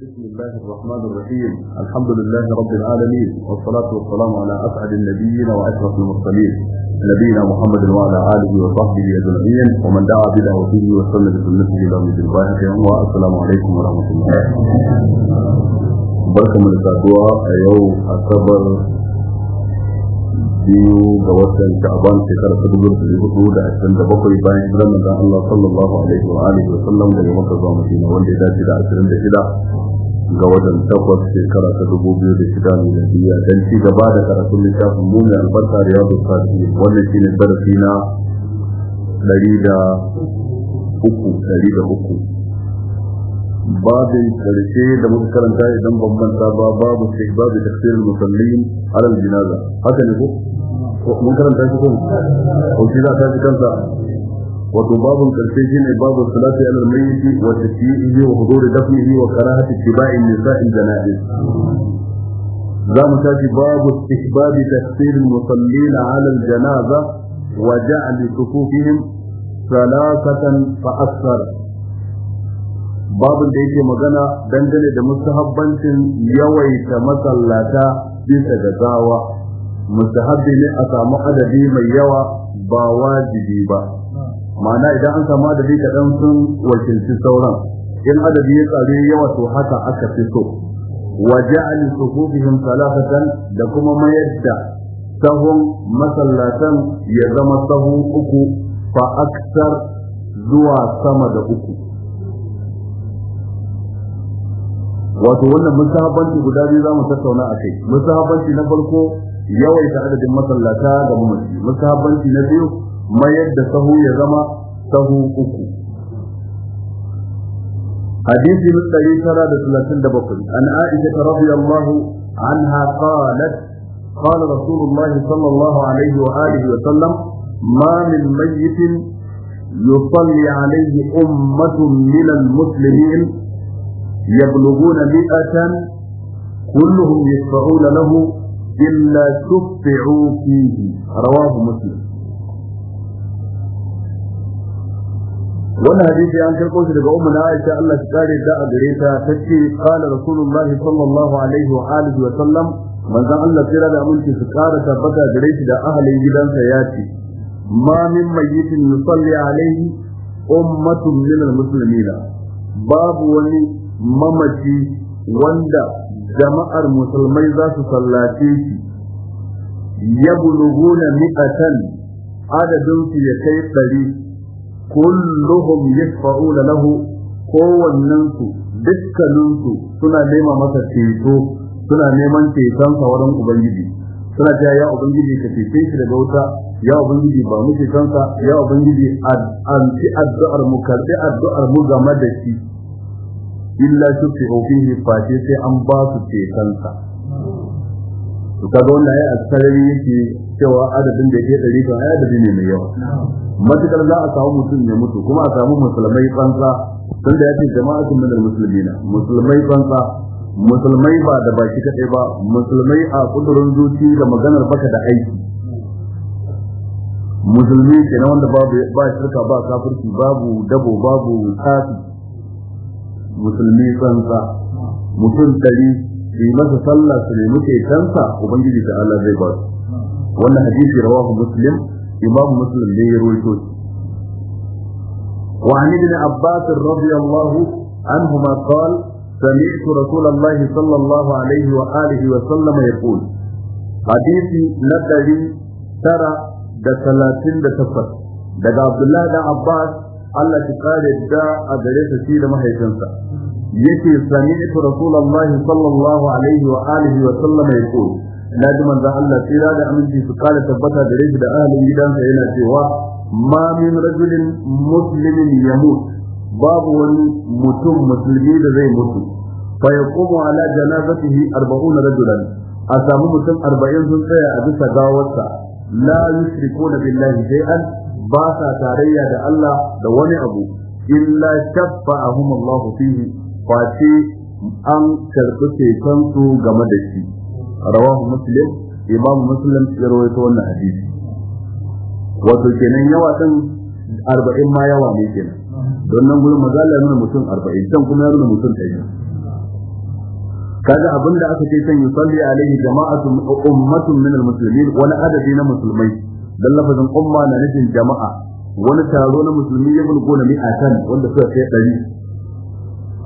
بسم الله الرحمن الرحيم الحمد لله رب العالمين والصلاة والسلام على أسعد النبيين وأشرف المرسلين نبينا محمد وعلى آله وصحبه أجمعين ومن دعا بدعوته وسلم بسنته إلى يوم الدين والسلام عليكم ورحمة الله بركة من الزادوة أيوه أكبر biyu ga watan sha'ban shekara ta dubu da hudu da ashirin da bakwai bayan hijirar manzon Allah sallallahu alaihi wa alihi wa sallam daga Makka zuwa Madina wanda ya dace da ashirin da shida ga watan takwas shekara ta dubu biyu da shida miladiyya dan ci gaba da karatun littafin mu mai albarka da yawon sati wannan shine darasi na ɗari da uku ɗari da uku babin karshe da muka karanta idan ban manta ba babu sai babu tafsirul musallin alal jinaza haka ne ko mun karanta shi kun ko shi za ta ji kansa wato babun karshe shi ne babu salati alal mayyiti wa tasyihi wa huduri dafnihi wa karahati tibai nisa'i janaiz za mu tashi babu istihbab tafsir musallin ala al janaza wa ja'l sufufihim salasatan fa akthar babin da yake magana dangane da mustahabbancin yawaita masallata bisa gazawa mustahabbi ne a samu adadi mai yawa ba wajibi ba ma'ana idan an samu adadi kaɗan sun wakilci sauran in adadi ya tsare yawa to haka aka fi so waje ja'al salafatan da kuma mayar da sahun masallatan ya zama sahu uku fa zuwa sama da uku wato wannan musahabanci guda biyu za mu tattauna a kai musahabanci na farko yawaita adadin masallata ga mamaci musabanci na biyu mayar da sahu ya zama sahu uku حديث من الذي ترى ثلاثين دبقل عن عائشة رضي الله عنها قالت قال رسول الله صلى الله عليه وآله وسلم ما من ميت يصلي عليه أمة من المسلمين يبلغون مئة كلهم يشفعون له إلا شفعوا فيه رواه مسلم wannan hadisi an karɓo shi daga ummu na Aisha Allah ta kare da a gare ta tace qala rasulullahi sallallahu alaihi wa alihi wa sallam manzon Allah tsira da aminci su kara tabbata gare shi da ahalin gidansa ya ce ma min mayyitin yusalli alaihi ummatun min almuslimin babu wani mamaci wanda jama'ar musulmai za su sallace shi ya yablughuna mi'atan adadin su ya kai ɗari kulluhum yashfa'una lahu kowannen su dukkanin su suna nema masa ceto suna neman ceton sa wurin ubangiji suna cewa ya ubangiji ka cece shi daga wuta ya ubangiji ba mu ceton sa ya ubangiji an ci addu'ar mu karbi addu'ar mu game da shi illa shufi ofihi face sai an ba su cetonsa to kaga wannan ayi asarari yake cewa adadin da yake dari kan ayi adadi ne mai yawa matakar za a samu mutum ne mutu kuma a samu musulmai tsantsa tun da yake jama'atun min almuslimina musulmai tsantsa musulmai ba da baki kadai ba musulmai a kudurin zuci da maganar baka da aiki musulmi na wanda ba shirka ba kafirci babu dabo babu kafi musulmi tsansa mutum dari su yi masa sallah su nemi kaitansa ubangiji ta Allah zai ba su wannan hadisi rawahu muslim imam muslim ne ya rawaito Wa وعن ابن عباس رضي الله عنهما قال سمعت رسول الله صلى الله عليه وآله وسلم يقول حديثي نتري ترى da talatin da takwas daga abdullahi da abbas Allah ta kare da a gare sa shi da mahaifinsa yake sami'tu rasulullahi sallallahu alaihi wa alihi wa sallam Na ji manzon Allah tsira da aminci su kare tabbata gare shi da ahalin gidansa yana cewa ma min rajulin muslimin yamut babu wani mutum musulmi da zai mutu fa yaqumu ala janazatihi 40 rajulan a samu mutum 40 sun tsaya a bisa gawarsa la yushrikuna billahi shay'an ba sa tarayya da Allah da wani abu illa shaffa'ahum Allah fihi face an karɓi ceton su game da shi rawahu muslim imam muslim ya rawaito wannan hadisi wato kenan yawa din 40 ma yawa ne kenan don nan gurin maza ne mutum 40 can kuma ya nuna mutum 100 kaga abinda aka ce san yusalli alaihi jama'atu ummatun min almuslimin wani adadi na musulmai dan lafazin umma na nufin jama'a wani taro na musulmi ya bulgo na mi'atan wanda suka kai ɗari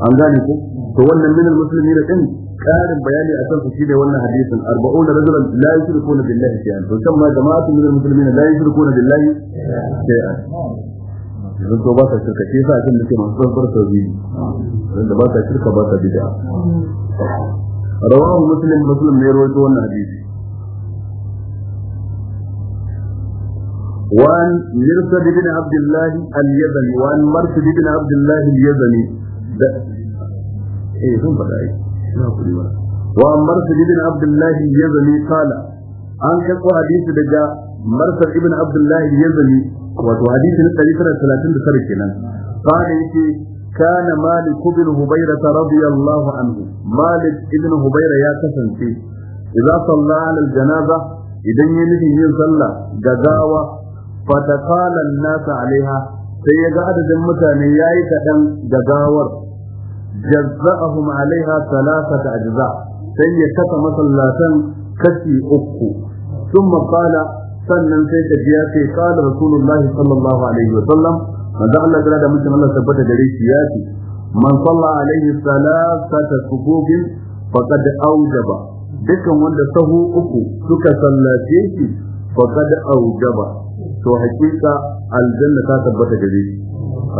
an gane ku to wannan min musulmi da kan ƙarin bayani a kan su shine wannan hadisin arba'una rajulan la yushrikuna billahi shay'an to kan ma jama'atu min almuslimina la yushrikuna billahi shay'an idan to ba ta shirka shi yasa kan nake masu tsantsar tauhidi dan da ba ta shirka ba ta bid'a rawahu muslim muslim ne rawaito wannan hadisi وعن مرسد بن عبد الله اليزني وعن مرسد بن عبد الله اليزني ايه هم بدأ ايه وعن مرسد بن عبد الله اليزني قال an karɓo hadisi daga marsar ibn abdullahi yazali wato hadisi na ɗari tara talatin da tara kenan fara yake kana malik ibn hubayra radiyallahu anhu malik ibn hubayra ya kasance idza salla ala janaza idan ya nufi yin sallah gagawa fa taqala an alaiha sai ya ga adadin mutane ya yi kaɗan da gawar jazza'ahum alaiha thalathata ajza sai ya kasa masallatan kashi uku thumma qala sannan sai ta biya sai qala rasulullahi sallallahu alaihi wa sallam manzo Allah ya da mutum Allah tabbata gare shi ya ce man salla alaihi thalathata sububin faqad awjaba dukkan wanda sahu uku suka sallace shi faqad awjaba to hakika aljanna ta tabbata gare shi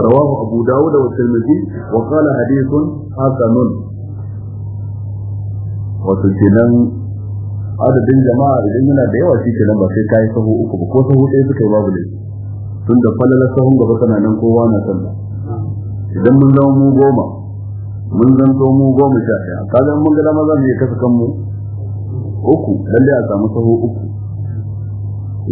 rawahu abu dawud wa tirmidhi wa qala hadithun hasanun wato kenan adadin jama'a idan yana da yawa shi kenan ba sai kai sahu uku ba ko sahu ɗaya suka yi babu ne tun da falala sahun gaba kana nan kowa na sallah idan mun zama mu goma mun zanto mu goma sha ɗaya kaga mun ga dama za mu iya kasa kanmu uku lalle a samu sahu uku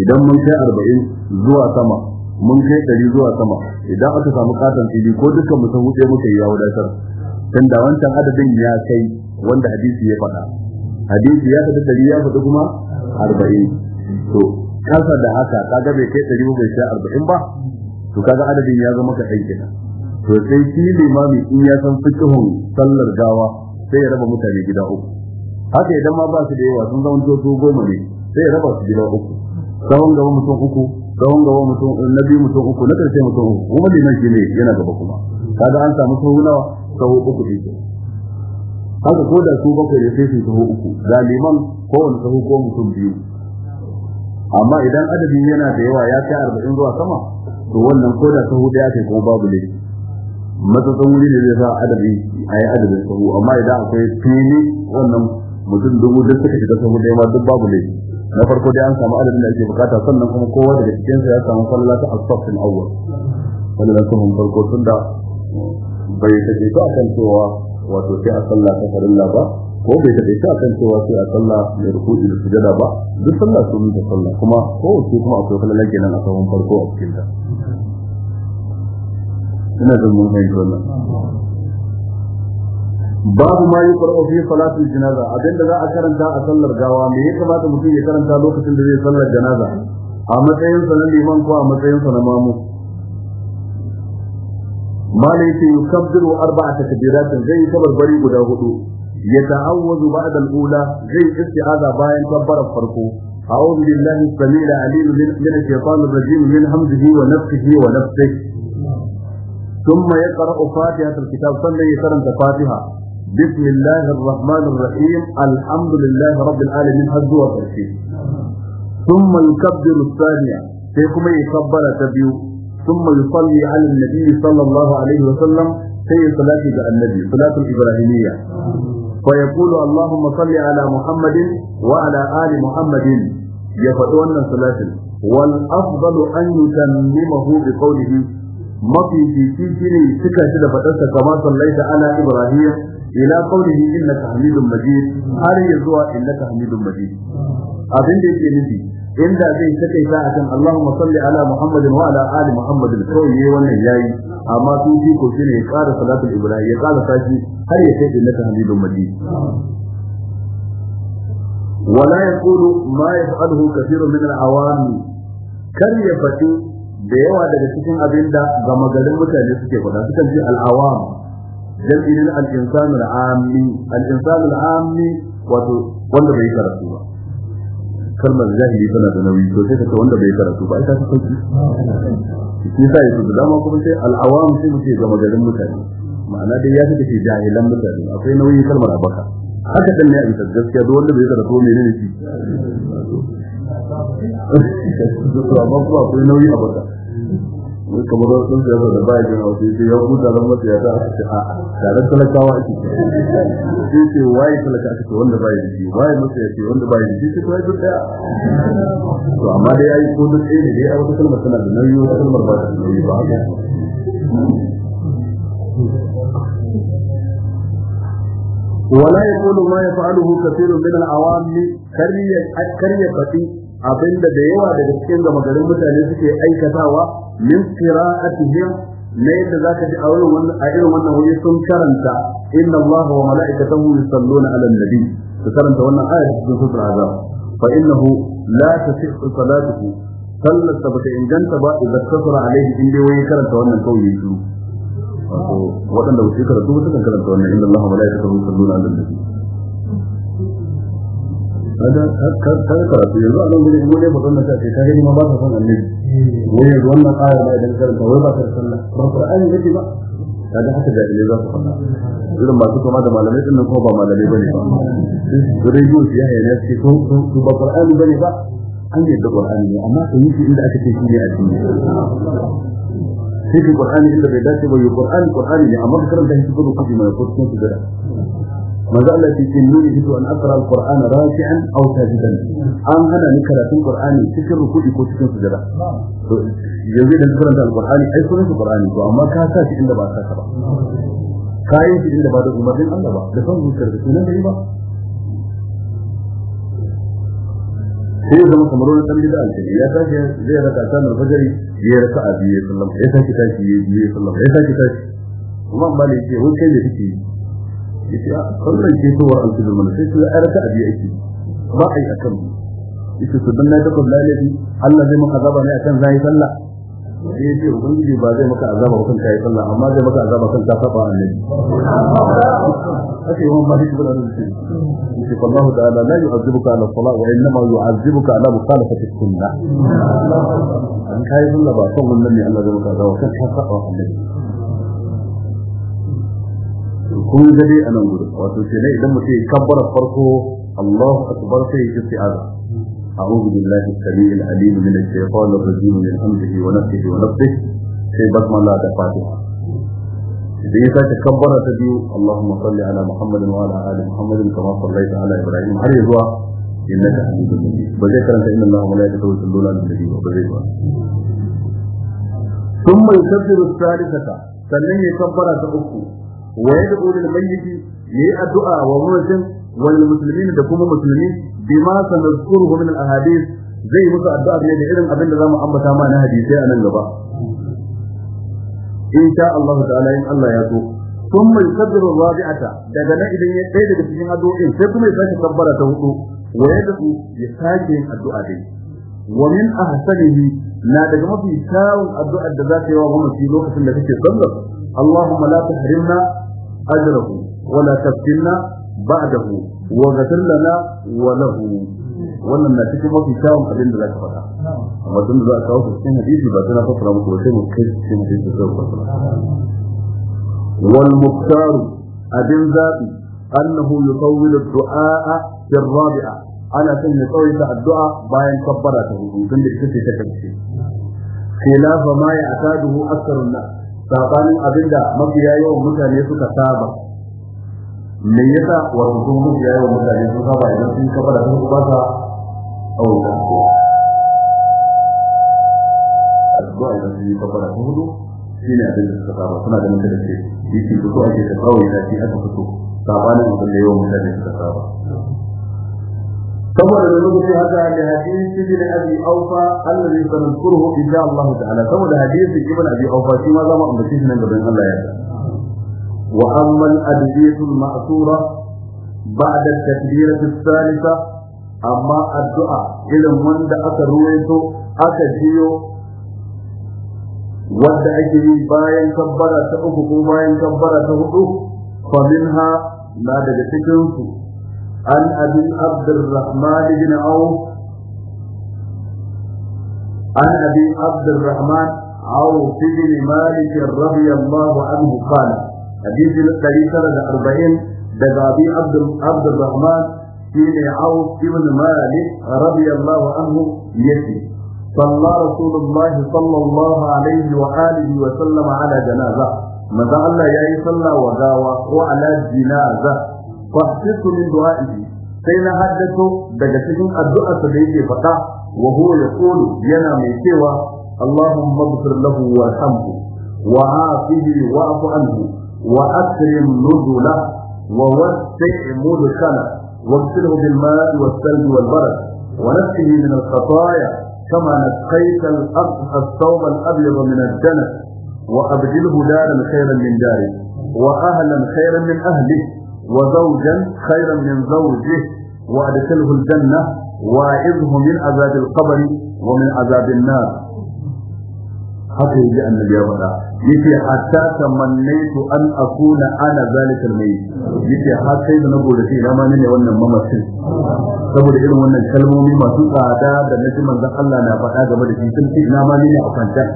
idan mun kai arba'in zuwa sama mun kai ɗari zuwa sama idan aka samu katon fili ko dukkan mu san muka yi ya wadatar tun da wancan adadin ya kai wanda hadisi ya faɗa hadisi ya faɗa ɗari ya faɗi kuma arba'in to kasa da haka kaga bai kai ɗari bai kai arba'in ba to kaga adadin ya zama ka ɗan kenan to sai shi limami in ya san fikihun sallar gawa sai ya raba mutane gida uku haka idan ma ba su da yawa sun zama to goma ne sai ya raba su gida uku tsawon gaba mutum uku tsawon gaba mutum na biyu mutum uku na karshe mutum uku kuma liman shi ne yana gaba kuma kaga an samu sahu nawa sahu uku ne haka ko da su bakwai ne sai su sahu uku da liman ko wani ko mutum biyu amma idan adadin yana da yawa ya kai arba'in zuwa sama to wannan ko da sahu daya kai ko babu ne matsatsan wuri ne zai sa adadi a yi adadin sahu amma idan akwai fili wannan mutum dubu duk suka shiga sahu daya ma duk babu ne na farko dai an samu adadin da ake bukata sannan kuma kowa daga cikin sa ya samu falala ta asfafin awwal falala kuma farko tun da bai take ta kan cewa wato sai a sallah ta farilla ba ko bai take ta kan cewa sai a sallah mai ruku'i da sujada ba duk sallah sun ta sallah kuma ko sai kuma akwai falala kenan a kan farko a cikin ta ina da mun fahimta wannan babu ma yi ƙwarƙwa fi salatul janaza abinda za a karanta a sallar gawa me ya kamata mutum ya karanta lokacin da zai sallar janaza a matsayin sa na liman ko a matsayin sa na mamu mala yake yukabbiru arba'a takbiratin zai yi kabarbari guda hudu yata'awwazu ba'da al-ula zai isti'aza bayan tabbarar farko أعوذ بالله السميع العليم من الشيطان الرجيم من همزه ونفسه ونفسه ثم يقرأ فاتحة الكتاب صلى يقرأ فاتحة بسم الله الرحمن الرحيم الحمد لله رب العالمين هزوا وفرشي ثم يكبر الثانية سيكم يكبر تبيو ثم يصلي على النبي صلى الله عليه وسلم سي صلاة النبي صلاة الإبراهيمية فيقول اللهم صل على محمد وعلى آل محمد يفتون صلاة والأفضل أن يتممه بقوله ما في في شيء سكة كما صليت على إبراهيم Ina ila qawlihi innaka hamidum majid har ya zuwa innaka hamidum majid abin da yake nufi inda zai take ta akan Allahumma salli ala Muhammadin wa ala ali Muhammadin kawai yayi wannan yayi amma su fi ko shine ya ƙara salatul ibrahim ya ƙara sashi har ya kai innaka hamidum majid ولا يقول ما يفعله كثير من العوام كان يفتي da yawa daga cikin abinda, da gama garin mutane suke faɗa sukan ce al'awam Jami'in ne al-insan al-ammi al-insan al wato wanda bai karatu ba kalmar jahili tana da nauyi to sai kace wanda bai karatu ba ita ta sauki shi sai su da dama kuma sai al-awam sai muke gama garin mutane ma'ana dai ya take jahilan mutane akwai nauyi kalmar abaka haka dan ne a ita gaskiya duk wanda bai karatu menene shi to amma kuma akwai nauyi abaka wai kamar wasu sun siyasa da baya jin hausa ya ce ya huta zan masa ya ta aka ce a taron talakawa ake ce sai ce waye talaka aka ce wanda baya jiki waye masa ya ce wanda baya jiki sai kuma duk daya to amma dai ya yi ko duk ɗaya da dai a wata kalmar tana da nauyi wata kalmar ba ta da nauyi ba haka ولا يقول ما يفعله كثير من العوام كريه كريه فتي abinda da yawa daga cikin gama garin mutane suke aikatawa min qira'atihim ne yadda zaka ji a wurin wannan a irin wannan wuri sun karanta inna Allah wa mala'ikatahu yusalluna 'alan nabi su karanta wannan ayat cikin sura azab fa innahu la tasihhu salatuhu sallarsa bata inganta ba idan kasara alaihi in dai wani karanta wannan kauye su wato waɗanda wuce karatu wata kan karanta wannan inda Allah wa la'ikatahu yusalluna 'alan nabi kada karatu yanzu a nan gudu ne mutum na ta ce kare gani ma ba ka son annabi wai yanzu wannan aya ma idan karanta wai ba ta ba qur'ani yake ba kaga haka da ilmi za su faɗa irin masu kama da malamai din nan ko ba malamai bane ba su rediyo su yaya ne su ko su ba qur'ani bane ba an yadda qur'ani ne amma su yi inda aka ce shi ne addini sai qur'ani inda bai dace ba yi qur'ani qur'ani ne amma karanta shi ko kuma mai kurkun su da manzo Allah ce inni yuhidu an aqra al-qur'ana rafi'an aw sajidan an hana ni karatun qur'ani cikin ruku'i ko cikin sujada to yanzu da karanta al-qur'ani ai sunan qur'ani to amma ka sa shi inda ba ka sa ba kayan shi inda ba da umarnin Allah ba da son zuciyar da sunan da ba sai ya zama kamar wani ɗanɗi da alkali ya tashi zai raka ta nan fajari ya raka a biyu ya sallama ya tashi tashi ya biyu ya sallama ya tashi tashi kuma ba ne ce wani kai da take yi yace a sallan ke zuwa alfijir mana sai kuma arata abi yake ba ai akan yace to dan na ta kabla ladi Allah zai maka azaba ne akan zai sallah sai yace ubangiji ba zai maka azaba akan kai sallah amma zai maka azaba akan ka saba annabi haka yawan ba shi da annabi yace Allah ta'ala la yu'azibuka ala salat wa innama yu'azibuka ala mukhalafati sunnah an kai sallah ba sallan ne Allah zai maka azaba akan ka saba annabi kun ga dai anan gurin wato kenan idan mutum ya kabbara farko Allahu akbar sai ya isti'aza أعوذ بالله السميع العليم من الشيطان الرجيم من حمده ونفسه ونفسه sai basma da Fatiha idan ya sake kabbara ta biyu Allahumma salli ala Muhammadin wa ala ali Muhammadin kama sallaita ala Ibrahim har zuwa innaka Hamidum Majid ba zai karanta inna Allaha wa malaikatahu yusalluna ala nabi ba zai ba thumma yusabbiru as sannan ya kabbara ta uku wa yad'u lil mayyit yi addu'a wa mamatin wal muslimin da kuma musulmi bima sanadkuruhu min al ahadith zai musu addu'a ne da irin abin da zamu ambata ma na hadisi a nan gaba in ta'ala in Allah ya so ثم يكبر الرابعة daga nan idan ya tsaye daga cikin addu'o'in sai kuma ya sake kabbara ta hudu wa yadu ya sake addu'a dai wa min ahsanihi na daga mafi kyawun addu'ar da za ta yi wa mamaci lokacin da kake sallar Allahumma la tahrimna أجره ولا تفتنا بعده وغفر لنا وله wannan na cikin mafi kyawun abin da za ka faɗa amma tun da za a kawo su cikin hadisi ba tana fassara muku ba sai mu kai cikin hadisi sai ku fassara wal muktaru abin zabi annahu yutawwilu du'a fi rabi'a ana son ya tsawaita addu'a bayan kabbara ta hudu tun da ita ce ta karshe khilafa ma ya ataduhu aktharun nas sabanin abinda mafiya yawan mutane suka saba me yasa wa kuma mafiya yawan mutane sun saba idan sun saba da sun ba sa auna addu'a idan sun yi kafa da sun hudu shi ne suka saba suna ganin da ke yake fito ake da kawai da shi aka fito sabanin abinda yawan mutane suka saba saboda da lokacin haka da hadisi ibn abi aufa allazi sanadkuruhu insha Allah ta'ala saboda hadisi ibn abi aufa shi ma za mu ambace shi nan gaban Allah ya wa amma al-adbiyatu al-ma'thura ba'da at-takbirati ath-thalitha amma addu'a irin wanda aka ruwaito aka jiyo wanda ake yi bayan tabbara ta uku ko bayan tabbara ta hudu fa minha na daga cikin su عن أبي عبد الرحمن بن عوف عن أبي عبد الرحمن عوف بن مالك رضي الله عنه قال حديث الثلاثة أربعين دقابي عبد عبد الرحمن بن عوف بن مالك رضي الله عنه يسي صلى رسول الله صلى الله عليه وآله وسلم على جنازة ماذا الله يا إيه صلى وغاوة وعلى جنازة فاحسست من دعائه سينا حدثه بجسدين الدعاء سبيتي فتا وهو يقول ينا من سوى اللهم اغفر له وارحمه وعافه واعف عنه واكرم نزله ووسع مدخله واغسله بالماء والثلج والبرد ونفسه من الخطايا كما نسقيت الثوب الابيض من الدنس وابدله دارا خيرا من داره واهلا خيرا من اهله وزوجا خيرا من زوجه وأدخله الجنة واعظه من عذاب القبر ومن عذاب النار حتى يجي أن النبي يقول يتي حتى تمنيت أن أكون أنا ذلك الميت يتي حتى نقول لكي إيه؟ لا ماني لأن ماما تقول إذن إيه؟ وأن الكلمة مما سوء آداء دا نجم أن ذا الله نابع آداء ولكي سنتي إيه؟ لا ماني لأفنجان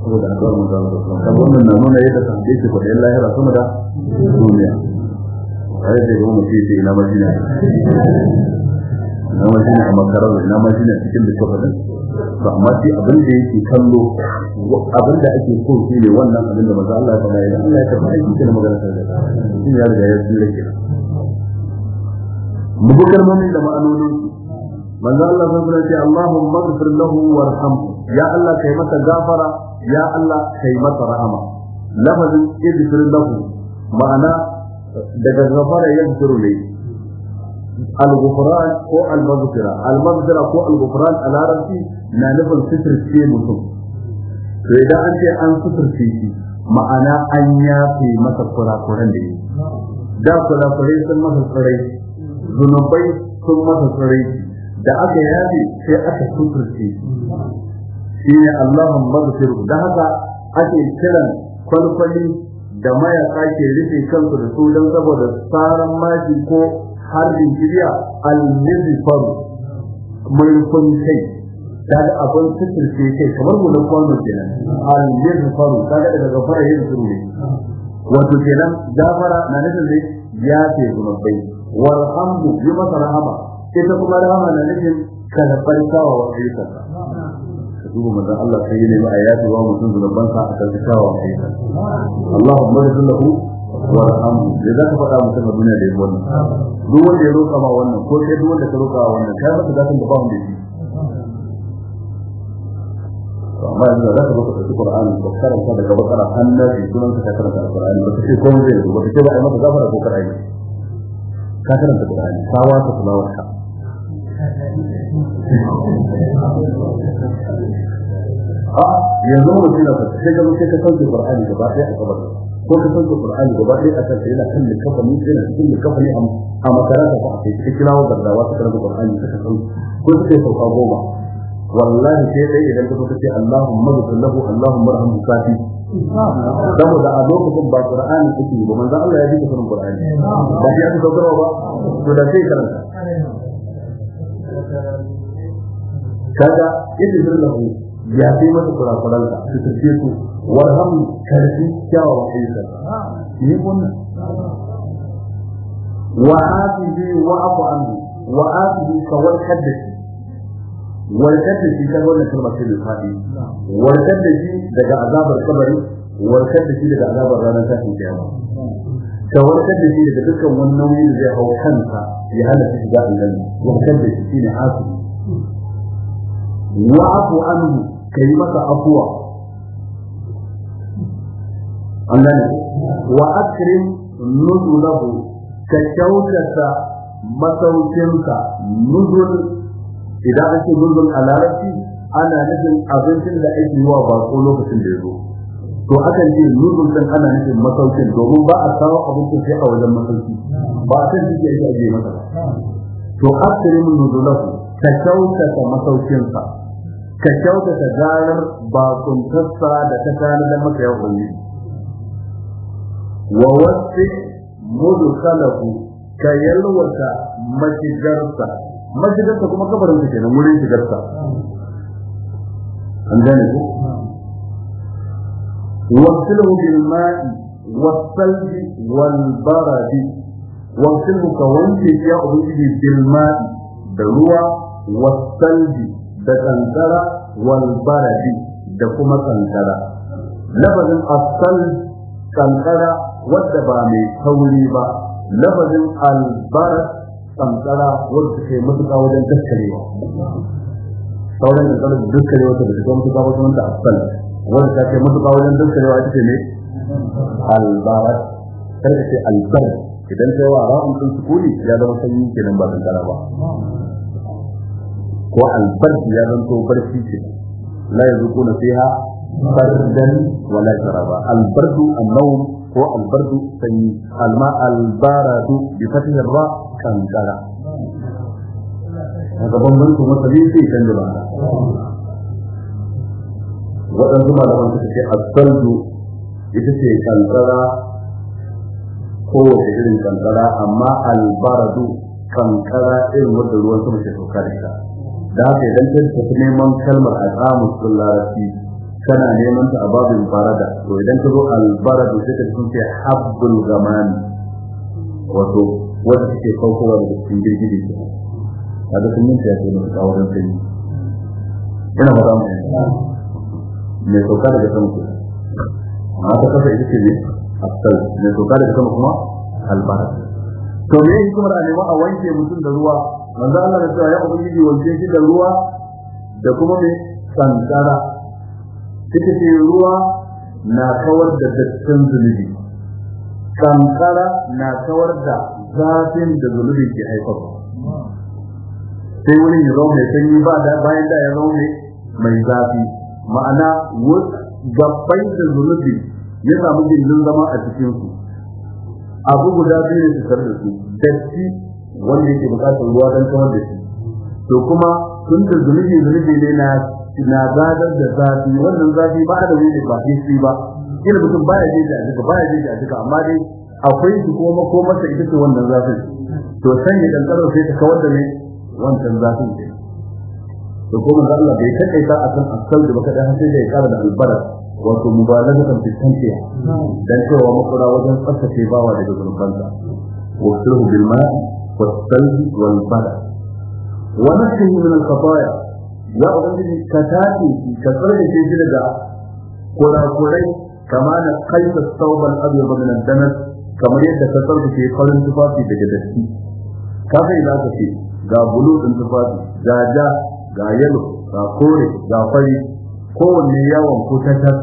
saboda an samu da wannan na nuna yadda kan yake kwaɗayin lahira sama da duniya a yadda yau mutum yake ina majina ina majina a makarar ina majina cikin da kwaɗayin to amma shi abin da yake kallo abin da ake so shi ne wannan abin da maza Allah ya faɗa idan Allah ya tafi aiki kana magana ta da shi ya riga ya tsira ke mu bi kalmomin da ma'anonin manzo Allah sun ce Allahumma ighfir lahu warhamhu ya Allah kai masa gafara ya Allah kai masa rahama lafazin izkir lahu ma'ana daga gafara yanzuru ne al-ghufran ko al-maghfira al-maghfira ko al-ghufran a larabci na nufin sitirce mutum idan an ce an sitirce shi ma'ana an yafe masa kurakuran da yi da sun masa tsirai zunubai sun masa tsirai da aka yafe sai aka sitirce shine Allahun maghfir da haka ake kiran kwalkwali da mayaka ke rufe kansu da su don saboda tsaron maji ko harbin kibiya al-nizfar mulkun kai da abin sisirce kai kamar gudan kwano kenan al ta kaga daga gafara yin su ne wato kenan gafara na nufin ne ya ce zunubai walhamdu yi masa rahama ita kuma rahama na nufin kalafar kawawa ayyukansa duba manzon Allah sai ya nemi a yafi wa mutum zunuban sa a karkatawa kai Allahumma rizal lahu wa rahamu da zaka faɗa mutum a duniya da yabo wannan duk wanda ya roƙa ma wannan ko sai duk wanda ka roƙa wannan kai maka zakan da ba wanda yake amma yanzu za ka baka tafi Qur'ani ba karanta daga bakara annabi sunan ka karanta Qur'ani ba sai komai zai ba sai ba ai maka gafara ko karai ka karanta Qur'ani sawa ta tilawar a yanzu mu tuna ka sai ka sai ka sauke Qur'ani gaba ɗaya a kabar ko ka sauke Qur'ani gaba ɗaya a kanka yana kan kafa ni yana cikin kafa ni a makaranta ko a kai cikin kirawo gardawa ta karanta Qur'ani ta sauke ko sai sauka goma wallahi sai dai idan ka ce Allahumma sallahu Allahumma arhamhu kafi saboda a lokacin ba Qur'ani kake ba manzo Allah ya ji karin Qur'ani ba ya ka dogara ba to da sai karanta kaga idan lahu ya fi masa kurakuranta su tafiye su warham karfi kyawawan ayyukan yi wannan wa afihi wa afu anhu wa afihi ka warkar da shi warkar da shi kan wannan kalmar sai fadi warkar da shi daga azabar kabari warkar da shi daga azabar ranar tashin kiyama ka warkar da shi daga dukkan wani nauyi da zai hau kansa ya hana shi shiga aljanna warkar da shi shine afihi wa afu anhu ka yi masa afuwa an gane wa akrim nuzulahu ka kyautata masaukinka nuzul idan ake ce nuzul a larabci ana nufin abincin da ake yi wa bako lokacin da ya zo to akan ce nuzul din ana nufin masaukin domin ba a samu abincin sai a wajen masauki ba a kan jiki ake aje masa to akrim nuzulahu ka kyautata masaukinsa ka kyautata garar bakuntarsa da ta tani da maka yau ubangiji wa wasu mudkhalahu ka yalwata mashigarsa mashigarsa kuma kabarin ta kenan wurin shigarsa an gane ku wasilahu bil ma'i wasalbi wal baradi wasilhu ka wanke ya ubangiji bil ma'i da ruwa wasalbi da kankara wal baradi da kuma kankara lafazin asal kankara wadda ba mai tauri ba lafazin albarat kankara wadda ke matuƙa wajen daskarewa sauran kankara da daskarewa ta da ta matuƙa wajen ta asal wadda ta ke matuƙa wajen daskarewa ita ce ne albarat kar ka ce albarat idan ta yi wa ra'un ɗin sukuni ya zama sanyi kenan ba kankara ba ko albarki ya zanto barci ce la yazquna fiha bardan wala sharaba albardu an-nawm ko albardu sanyi alma albaradu bi fathi ra kankara daga bambancin wata biyu sai kan da bara waɗansu malaman suka ce asaldu ita ce kankara kowace irin kankara amma albaradu kankara irin wadda ruwan sama ke sauka da ita da haka idan ka tafi neman kalmar al'amu cikin larabci kana neman ta a babin barada to idan ka zo albaradu sai ka sun ce habbul gamani wato wanda take kaukowa daga cikin girgiri ke a da sun minta ya ce mai kawo don sanyi ina fata mu mai sauka daga sama ke amma ta kasa ita ce ne afsal mai sauka daga sama kuma albara to me hikimar a nema a wanke mutum da ruwa manzo Allah ya ce ya ubangiji wanke shi da ruwa da kuma mai kankara take ce ruwa na kawar da dattin zunubi kankara na kawar da zafin da zunubi ke haifarwa sai wani ya zaune sanyi ba da bayan da ya zaune mai zafi ma'ana gabbai da zunubi ya samu gindin zama a cikinsu abu guda biyu ne su da su datti wanda yake bukatar ruwa don kawar da shi to kuma tun da zunubi zunubi ne na na gadar da zafi wannan zafi ba da wani ba sai shi ba kila mutum baya je da duka baya je da duka amma dai akwai shi kuma makomarsa ita ce wannan zafin to sanya kankaro sai ta kawar da ne wannan zafin ne to kuma da Allah bai kai ta akan asal da baka da hankali da ya kara da albarar wato mubalagatan fi tanfiya dan cewa makura wajen tsaftace bawa daga zulfansa wa sirru bil ma'i والثلج والبلد ونقيه من الخطايا يا أبنجي كتاتي كتاتي في جلدة كورا كوري كما نقيت الثوب الأبيض من الدنس كما يدى كتاتي في قرن تفاتي بجدتي كافي لا تفي ga bulu din tufafi ga ja ga yalo ga kore ga fari kowanne yawon ko tatar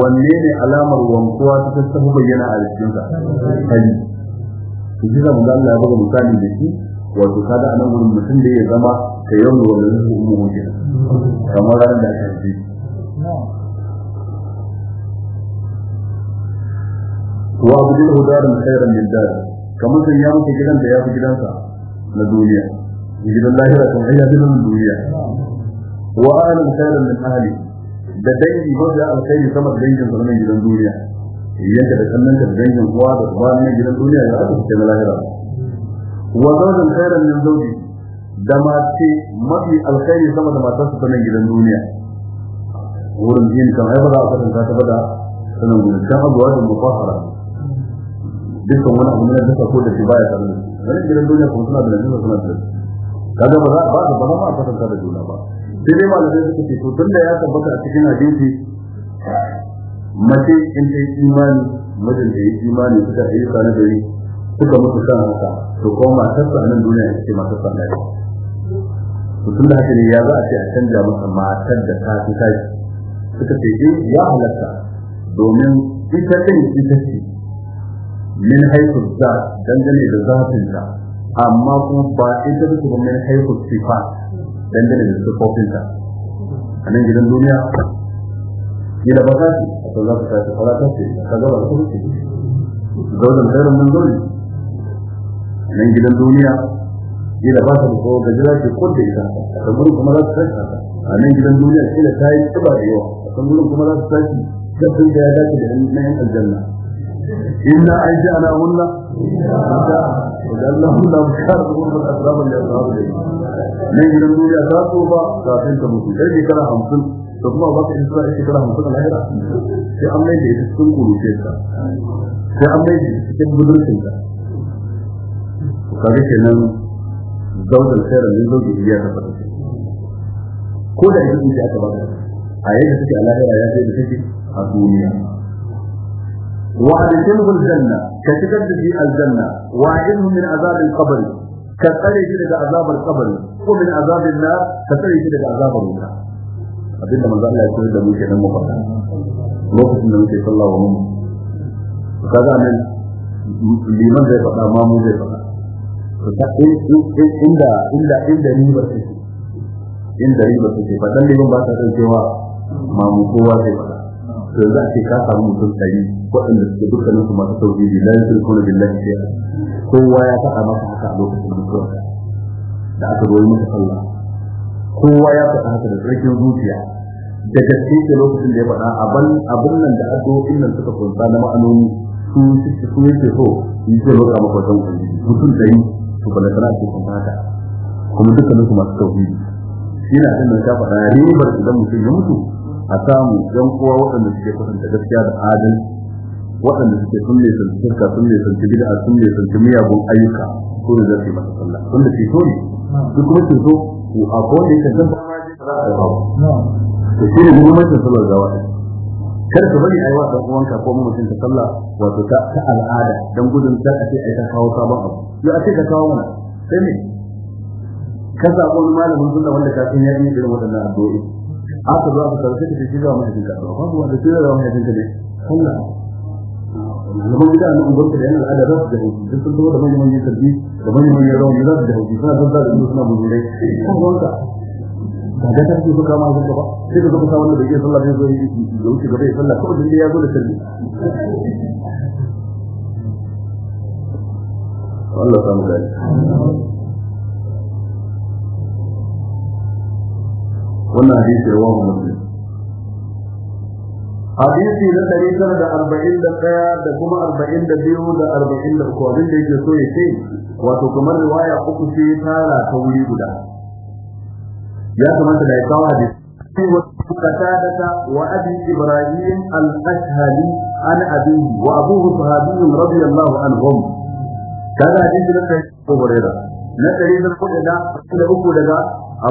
wanne ne alamar wankuwa ta tattafi bayyana a jikinsa kai shi da Allah ya buga misali da shi wato kada anan gurin mutum da ya zama ka yau da wannan su ummu mutum kamar ran da aka ji wa abu da hudarin khairan min dar kamar sai ya mutu gidan da ya fi gidansa na duniya gidan lahira kan ayya gidan duniya wa ahli khairan min ahli da dangi da alkhairi sama da dangin zalmin gidan duniya yanka da kallon da dangin uwa da uba na gidan duniya ya rabu cikin lahira wa zawjan khairan min zawji da mace mafi alkhairi sama da matar su nan gidan duniya wurin yin kan ai ba za a fadanta da bada sanan gudu kan abuwa da mufahara dukkan wani abu ne ta ko da shi baya tare wani gidan duniya kuma suna da lafiya suna da kaga ba za a ba da ba ma fadanta da juna ba sai dai malamai suka ce to tunda ya tabbata a cikin hadisi mace in ta yi imani mijin da ya yi imani suka sa na gari suka mutu kan haka to kuma matarsa a nan duniya ita ce matarsa na yau mutum da haka ne ya za a ce a canja masa matar da ta fi tashi suka ce eh ya halatta domin ita ɗin ita ce min haifu za dangane da zafinta amma kuma ba ita da kuma min haifu sifa dangane da sifofinta a nan gidan duniya gida ba za su الشجرة بتاعت الصلاة تفسد الشجرة بتفسد زوجا خير من زوجي من جدا دنيا إلى باطل فوق جلالة كل إذا أتمنى كما لا تفسد أنا جدا دنيا إلى تاي تبع أيوة أتمنى كما لا تفسد كفل جهادات لأنهم الجنة إلا أيجعنا أولا وجعل لهم أبكار وهم الأسراب اللي أصحاب لي من جدا دنيا ذات وفا كافين كمسي كيف كان همسل to kuma ba ka yi suna ake kira mutum lahira sai an mai da ita cikin kuruciyarsa sai an mai da ita cikin budurcinta kaga kenan zaudar sayar min zauji ya ta fata ko da ita kuce aka baka a yadda take a lahira ya ce da take a duniya wa adkhilhu aljanna ka shigar da shi aljanna wa ilmu min azab alqabr ka tsare shi daga azab alqabr ko min azab an-nar ka tsare shi daga azab wuta abinda manzo Allah ya koyar da mu kenan mu faɗa lokacin da muke sallah wa mu kaga nan liman zai faɗa ma mu zai faɗa to ta inda inda inda ba take inda riba fa dan liman ba ta san cewa ma mu kowa zai faɗa to za ki ka samu mutum ɗari waɗanda suke dukkanin su masu sauƙi bi la yusul kuna billahi shay'a kowa ya faɗa masa haka a lokacin da aka goyi masa sallah kowa ya faɗa haka da tsarkin zuciya da gaske ke lokacin da ya faɗa abin nan da in nan suka kunsa na ma'anoni su su yake so yi ce lokacin maka wajen ubangiji mutum da yi su bala tana ce kunsa haka kuma duka nufi masu tauhidi shi na kan nan ta faɗa ribar idan mutum ya mutu a samu don kowa waɗanda suke kwatanta gaskiya da adal waɗanda suke sun ne sun shirka sun ne sun ci gida, sun ne sun ci miyagun ayyuka ko da zai masa sallah sun da ceto ne duk kuma so ku a kowace kankan ba ma a yi ba to shi ne muhimmancin sallar gawa kar ka bari a yi wa ɗan uwanka ko mutum ta sallah wato ta al'ada don gudun ta a ce a yi ta kawo sabon abu yau a ce ka kawo mana sai ne ka zaɓo wani malamin sunna wanda ka san ya yi irin waɗannan addu'o'i aka zo aka karɓi ta ce shi ga mahaifin ka babu wanda shi ga mahaifin ka ne sallah malaman gida na unguwar da yana al'ada za su da hauki duk sun zo da manyan manyan sarki da manyan manyan rauni za su da hauki suna zan da suna buzurai kan wanka ba da tafi su kama zuwa ba sai ka zuba wanda bai iya sallah bai zo yi da wuce gaba ya sallah kawai da ya zo da sarki Allah samu gani wannan hadisi rawahu muslim hadisi na ɗari tara da arba'in da ɗaya da kuma arba'in da biyu da arba'in da uku abin da yake so ya ce wato kamar riwaya uku ce tara ta wuri guda ya kamata da ya kawo hadisi قتادة وأبي إبراهيم الأشهلي عن أبيه وأبوه صحابي رضي الله عنهم كان حديث لك أبو هريرة نتريد القول إلى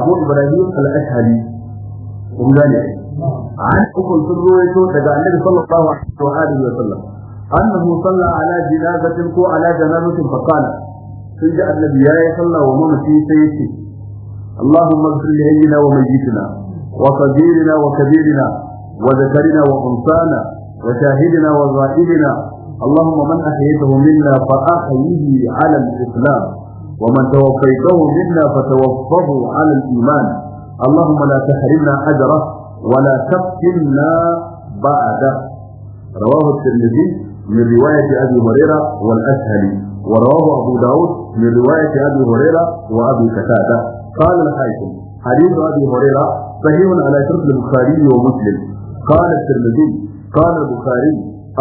أبو إبراهيم الأشهلي هم ذلك عن أم الفرويت لدى النبي صلى الله عليه وسلم أنه صلى على جنازة قو على جنازة فقال سيدة النبي يا صلى في سيدي اللهم اغفر لأينا وميتنا وصديرنا وكبيرنا وذكرنا وأنثانا وشاهدنا وغائبنا اللهم من أحييته منا فأحيه على الإسلام ومن توفيته منا فتوفه على الإيمان اللهم لا تحرمنا أجره ولا تقتلنا بعد رواه الترمذي من رواية أبي هريرة والأسهلي ورواه أبو داود من رواية أبي هريرة وأبي كتادة قال الحاكم حديث أبي هريرة صحيح على شرط البخاري ومسلم قال الترمذي قال البخاري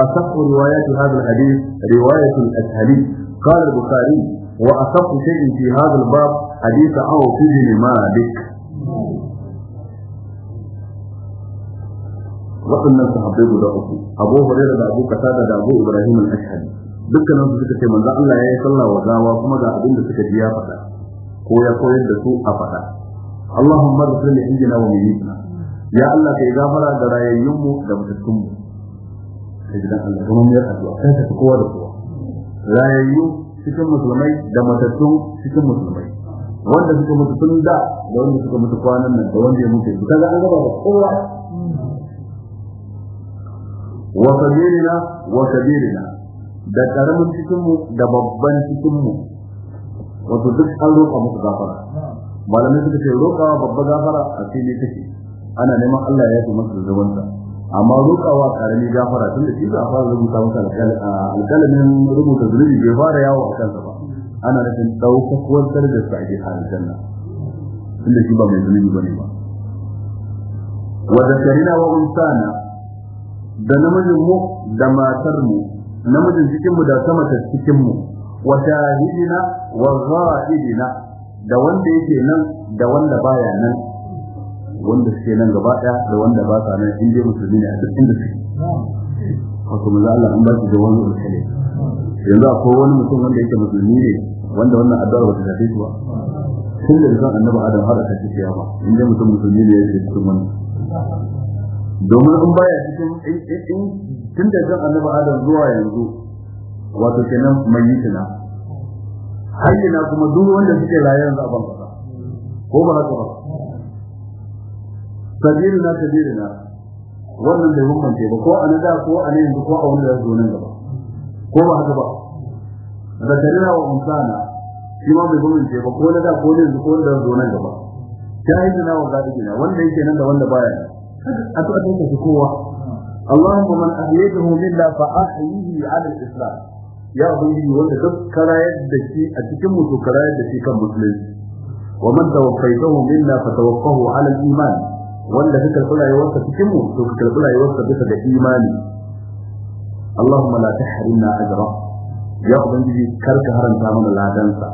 أصح روايات هذا الحديث رواية الأسهلي قال البخاري وأصح شيء في هذا الباب حديث عوف بن مالك waɗannan sahabbai guda uku Abu Hurairah da Abu Qatada da Abu Ibrahim al-Ashhari dukkanin su suka ce manzo Allah ya yi sallah wa gawa kuma ga abin da suka ji ya faɗa ko ya koyar da su a faɗa Allahumma ighfir li indina wa mayyitina ya Allah kai gafara da rayayyun mu da mutattun mu sai gidan Allah kuma mu addu'a kai ta kowa da kowa rayayyu cikin musulmai da matattun cikin musulmai wanda suka mutu tun da da wanda suka mutu kwanan nan da wanda ya mutu kaga an gaba da kowa wa kabirina wa kabirina da karamin cikin mu da babban cikin mu wato duk an roƙa musu gafara malamai suka ce roƙa babba gafara a fili take ana neman Allah ya yi masa zuwanta amma roƙawa karami gafara tun da shi za a fara rubuta masa alƙalamin rubuta zunubi bai fara yawo a kansa ba ana nufin ɗaukakuwar darajarsa a gefen aljanna tun da shi ba mai zunubi ba ne ba wa zakarina wa unsana da namijin mu da matar mu namijin cikin mu da sama ta cikin mu wa shahidina wa ghaibina da wanda yake nan da wanda baya nan wanda suke nan gaba daya da wanda ba sa nan inda musulmi ne a duk inda suke wato maza Allah an ba shi da wani ulkale yanzu akwai wani mutum wanda yake musulmi ne wanda wannan addu'ar wata tafi shi ba tun da zan annabi Adam har a tafi ba, inda mutum musulmi ne yake cikin wannan domin in baya cikin in tun da zan annaba adam zuwa yanzu wato kenan mai yi tuna hayyana kuma duk wanda suke rayuwa yanzu a ban ko ba haka ba sabiru na wannan bai bambance ba ko a na da ko a na yanzu ko a wanda ya zo nan gaba ko ba haka ba Da na wa umsana shi ma bai ce ba ko na da ko ne yanzu ko wanda ya zo nan gaba shahidina wa zaɗigina wanda yake nan da wanda baya addu'a ta tafi kowa Allahumma man ahyaytahu minna fa ahyihi 'ala al-islam ya ubangiji wanda duk karayar da shi a cikin mutu karayar da shi kan musulunci wa man 'ala wanda kika kula yawarsa cikin mu to kika kula yawarsa bisa da imani Allahumma la tahrimna ajra ya ubangiji karka haranta mana ladansa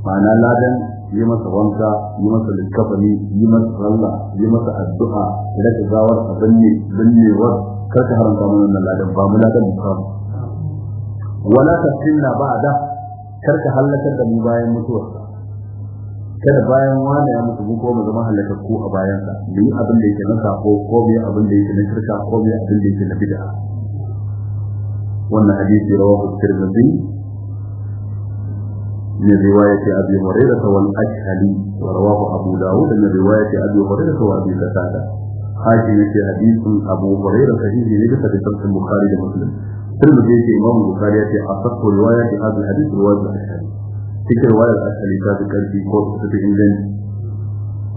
ma'ana ladan yi masa wanka yi masa likafani yi masa sallah yi masa addu'a raka gawar a danne dannewar kar ka haramta mana wannan ladan ba mu ladan mu samu wala tafsinna ba'da kar ka halakar da mu bayan mutuwarsa kada bayan wani ya mutu ko mu zama halakakku a bayan bayansa da yi abin da yake na sako ko bai abin da yake na shirka ko bai abin da yake na bid'a wannan hadisi rawahu tirmidhi من رواية أبي هريرة والأشهلي ورواه أبو داود من رواية أبي هريرة وأبي قتادة حاكم في حديث أبو هريرة صحيح نجسة بشرح البخاري ومسلم ترمذي في إمام البخاري في أصح رواية هذا الحديث رواية الأشهلي تلك رواية الأشهلي كانت في قوة في إنجلترا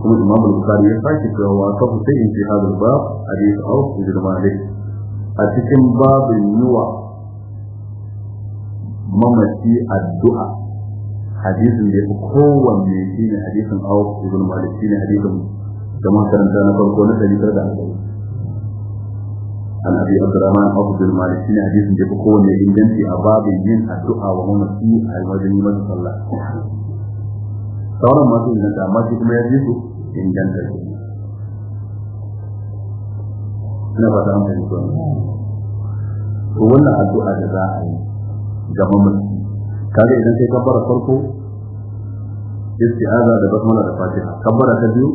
ثم إمام al-bukhari ya sake cewa ta sai in fi hadal bab hadith aus ibn malik a cikin babin hadisin da ya fi kowanne shi ne hadisin awuf ibn malik shi ne hadisin da makaranta na farko na dari da asali an abi abdurrahman awuf ibn malik shi ne hadisin da ya fi kowanne inganci a babin yin addu'a wa mamaci a wajen yi masa sallah sauran masu inganta amma shi kuma ya ji su inganta shi ina ba ta amfani da wannan addu'a da za a yi ga mamaci kaga idan sai ka fara farko istiaza da basmala da fatiha kabbara ta biyu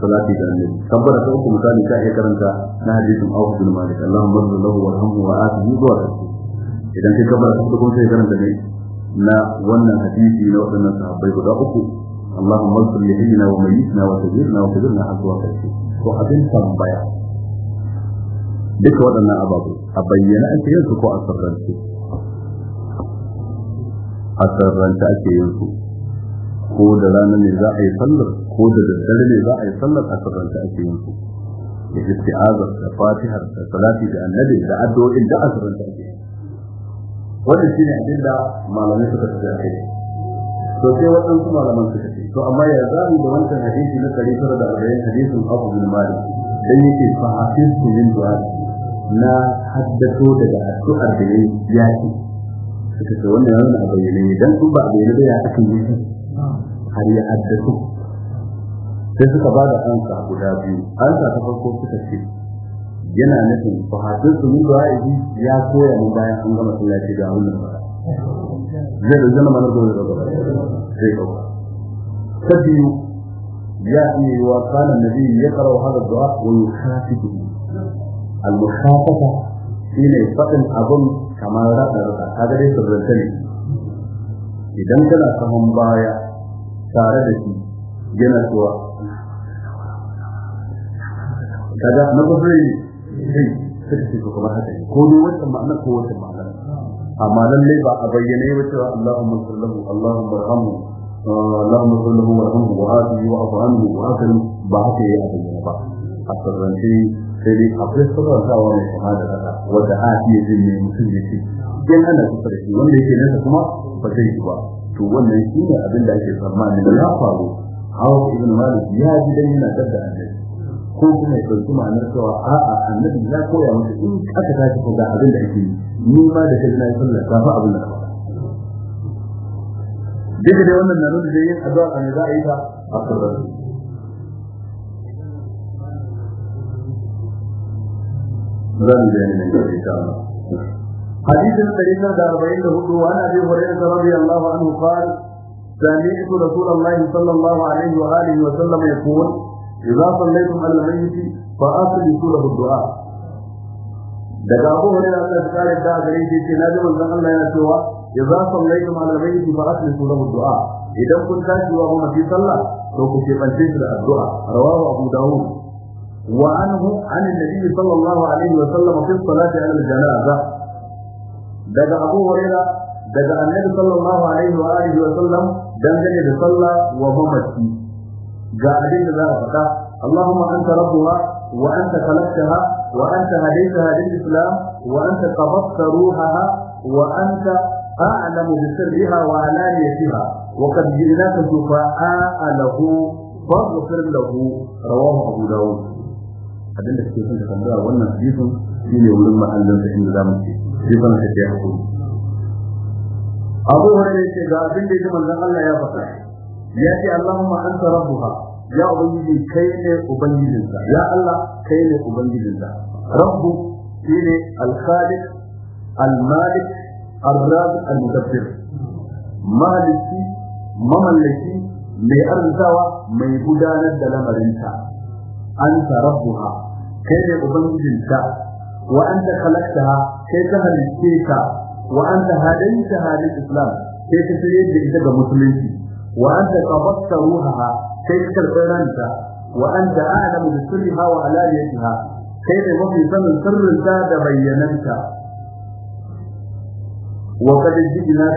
salati da annabi kabbara ta uku misali ka iya karanta na hadisin Abu bin Malik Allahumma ighfir lahu warhamhu wa atihi zuwa ƙarshe idan kai kabbara ta kuma sai karanta ne na wannan hadisi na waɗannan sahabbai guda uku Allahumma ighfir li hayyina wa mayyitina wa sadirna wa kabirna har zuwa ƙarshe to abin tambaya duka waɗannan ababu a bayyana ake yin su ko a sarrance a sarrance ake yin su ko da rana ne za a yi sallar ko da daddare ne za a yi sallar a sirranta a yin su da isti'azar da fatihar da salati da annabi da addu'o'in da asirranta ake yin wannan shine abin da malamai suka tafi a kai to sai waɗansu malaman suka ce to amma ya zamu da wancan hadisi na ɗari tara da arba'in hadisin abu bin mali. dan yake fa hafizu min du'a na haddato daga addu'ar da yayi ya ce suka ce wannan yana bayyana ne, dan in ba a bayyane ba ya akan yi har ya addatu sai suka ba da ansa guda biyu ansa ta farko suka ce yana nufin fahadin su mun da ya koya mu bayan an gama sallah ce ga wannan ba zai da zama mana gobe da gobe sai ka ta biyu ya yi wa kana nabi ya karau hada du'a wa yukhatibu al-mukhafata shine fadin abun kamar rada rada kaga dai sabbanta ne idan kana sahun baya tare da shi yana cewa kaga na ba zai sai sai ce kuma haka ko ne wannan ma'ana ko wannan ma'ana amma lalle ba a bayyane ba cewa Allahumma sallahu Allahumma rahamu Allahumma sallahu wa rahamu wa hadi wa afanu wa hakan ba haka yayi a bayyane ba a sarrance sai dai akwai sarrantawa mai kama da haka wanda a iya jin ne mutum yake in ana kusa da shi wanda yake nasa kuma ba zai yi ba to wannan shi ne abin da ake tsammanin ya faru hawa ibn malik ya ji dan yana da annabi ko kuma ya ɗauki ma'anar cewa a'a annabi ya koya masa in aka tashi ko ga abin da ake yi ni ma da kai na yi sallah ta fa abin da ka duk da wannan na nuna da yin addu'a ne za a yi ta a karbar zan da ne ne ta حديث الطريق الأربعين هدو وعن أبي هريرة رضي الله عنه قال سمعت رسول الله صلى الله عليه وآله وسلم يقول إذا صليتم على الميت فأصلوا له الدعاء daga abu hore da Allah ta kare da gare shi ce na ji manzon Allah ya cewa idza da ala mayyit fa aslimu lahu du'a idan kun tashi wa kuma fi sallah to ku ce shi da addu'a rawahu abu dawud wa anhu an annabi sallallahu alaihi wa sallam fi salati al-janaza daga Abu Huraira daga Annabi sallallahu alaihi wa alihi wa sallam dangane da sallah wa mamaci ga abin da za a faɗa Allahumma anta rabbuha wa anta khalaqtaha wa anta hadaytaha lil islam wa anta qabadta ruhaha wa anta أعلم بسرها وعلانيتها وقد جئناك شفعاء له فاغفر له رواه أبو داود abin da suke son ka tambaya wannan hadisin shine wurin mahallin da inda zamu ce riban ka ta hakuri abu hurairah ce ga abin da manzon Allah ya faɗa ya ce Allahumma anta rabbuha ya ubangiji kai ne ubangijinsa ya Allah kai ne ubangijinsa rabbu shine al-khaliq al-malik الرازق المدبر مالكي mamallaki mai arzikawa mai gudanar da lamarinta an rabbuha kai ne Wa'anta anta khalaqtaha kai ka halice ta wa anta hadaita hadil islam kai ka shirye da ita ga musulunci wa anta qabatta ruhaha kai ka karɓi ranta wa anta a'lamu bi sirriha wa alaniyatiha kai da mafi sanin sirrin ta da bayyananta wa kad jidna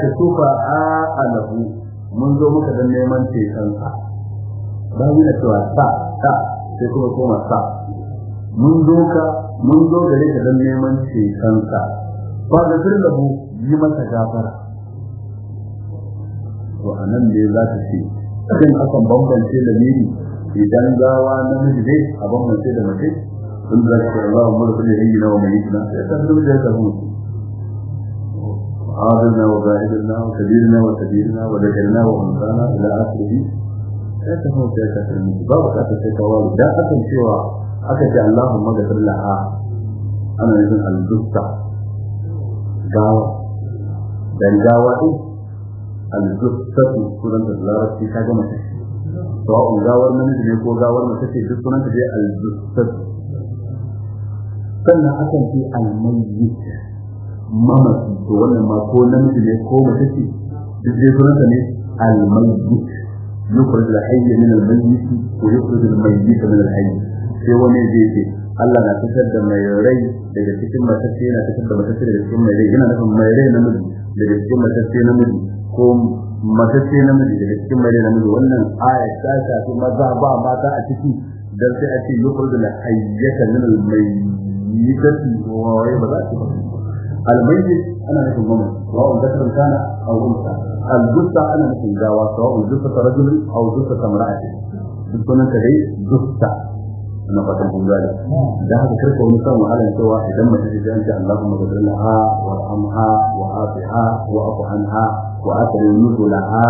mun zo dan neman ba sai kuma mun zo ka mun zo gare ka don neman cetonsa ba da sun labu yi masa gafara to a nan ne za ta ce shin akan bambance da miri idan gawa na miji ne a bambance da mace sun za ta ce Allah umar sun yi yi na wa mai na ya san duk da ya samu عادنا وباعدنا وكبيرنا وكبيرنا وذكرنا وانثانا الى اخره sai ta hau sai ka sani ba ba ka ta sai kawai da akan cewa aka ce Allahumma ghafir laha ana nufin al-dusta gawa dan gawa din al-dusta sunan da larabci ka ga mace sawa'un gawar namiji ne ko gawar mace ce duk sunan da dai al-dusta sannan akan ce al-mayyit mamaci to wannan ma ko namiji ne ko mace ce duk dai sunan ne al-mayyit يخرج الحي من الميت ويخرج الميت min الحي sai wani zai ce Allah na fitar da mai rai daga cikin matacce yana fitar da matacce daga cikin mai rai yana nufin mai rai namiji daga cikin matacce namiji ko matacce namiji daga cikin mai rai wannan aya ta shafi maza ba mata a ciki dan sai a ce yukhrijul da hayyata min al mayyitati wa ba za ta al Almayyi ana nufin mamman wa dakarun kana aw unsa al ana nufin gawa sawa rajulin aw mar'atin dai gusta ما قدمهم ذلك ده هذا كرفه ونسان أن سوى لما تجد أنت اللهم بذل لها وارحمها وآفها وأفو عنها وآفل النزلها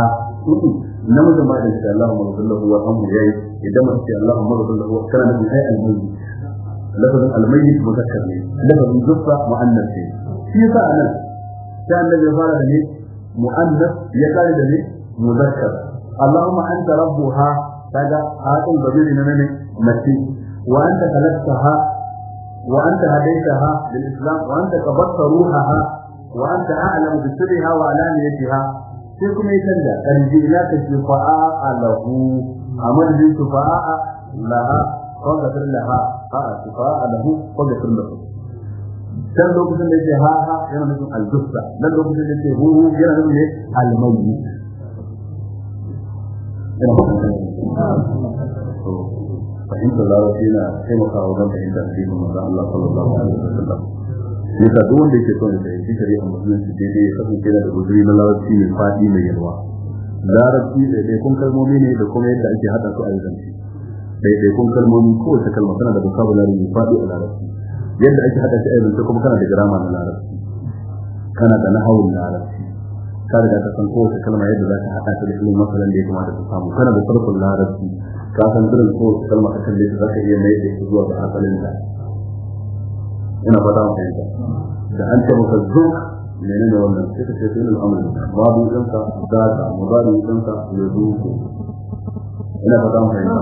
إنما جمع إن شاء الله ما بذل له وارحمه جاي إذا ما تجد الله ما بذل له كان من هاي الميت لفظ الميت مذكر لي لفظ جفة مؤنث شيء في فعلا كان الذي قال لي مؤنث يقال لي مذكر اللهم أنت ربها هذا آت آية الغزير من المسيح وأنت خلقتها وأنت هديتها للإسلام وأنت قبضت روحها وأنت أعلم بسرها وعلانيتها سيكم يتنجى الجئلات الشفاء له أمر بالشفاء لها فاغفر لها الشفاء له فاغفر له dan lokacin da yake ha ha yana nufin aljusta dan lokacin da yake hu hu yana nufin almayyi fahimtar larabci yana taimakawa wajen fahimtar hadisin manzon Allah sallallahu alaihi wasallam ne ka duk wanda yake son ya fahimci a musulunci daidai ya kasance da guduri na larabci mai faɗi mai yalwa larabci daidaikun kalmomi ne da kuma yadda ake haɗa su a yanzu daidaikun kalmomi kowace kalma tana da vocabulary mai faɗi a larabci yadda ake haɗa shi a yanzu kuma kana da girama na larabci kana da nahawun larabci ka riga ka san kowace kalma yadda za ka haɗa ta da ilimin masalan da ya kamata ka samu kana da farkon larabci ka san irin ko kalma ka kalle ta zaka iya mai da shi zuwa ga asalin ta ina fata mu fahimta da an ce maka zuk menene wannan sai ka ce sai al'amal babu idanka zaka mudari idanka ya zuku ina fata mu fahimta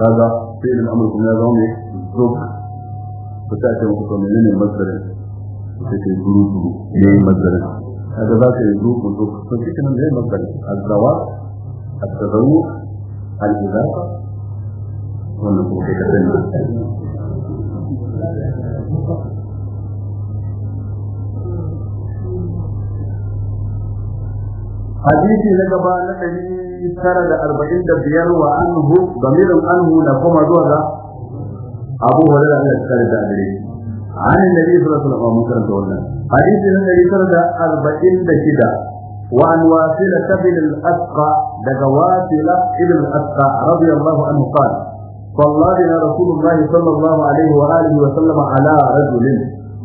kaga sai al'amal kuma ya zama ne zuk ko ta ce maka menene masdarin sai ka guru guru ne masdarin kaga za ka yi zuk zuk to cikin ne masdarin azzawa التذوق hali za ka wannan kuma kai kasan ne hadisi na gaba na ɗari tara da arba'in da biyar wa anhu gamirin anhu da kuma zuwa ga abu wani da ala a hannun da ne zuwa sulafa mun karanta wannan hadisi na ɗari tara da arba'in da shida وعن واسلة بن الأسقى دق واسلة بن الأسقى رضي الله عنه قال صلى بنا رسول الله صلى الله عليه وآله وسلم على رجل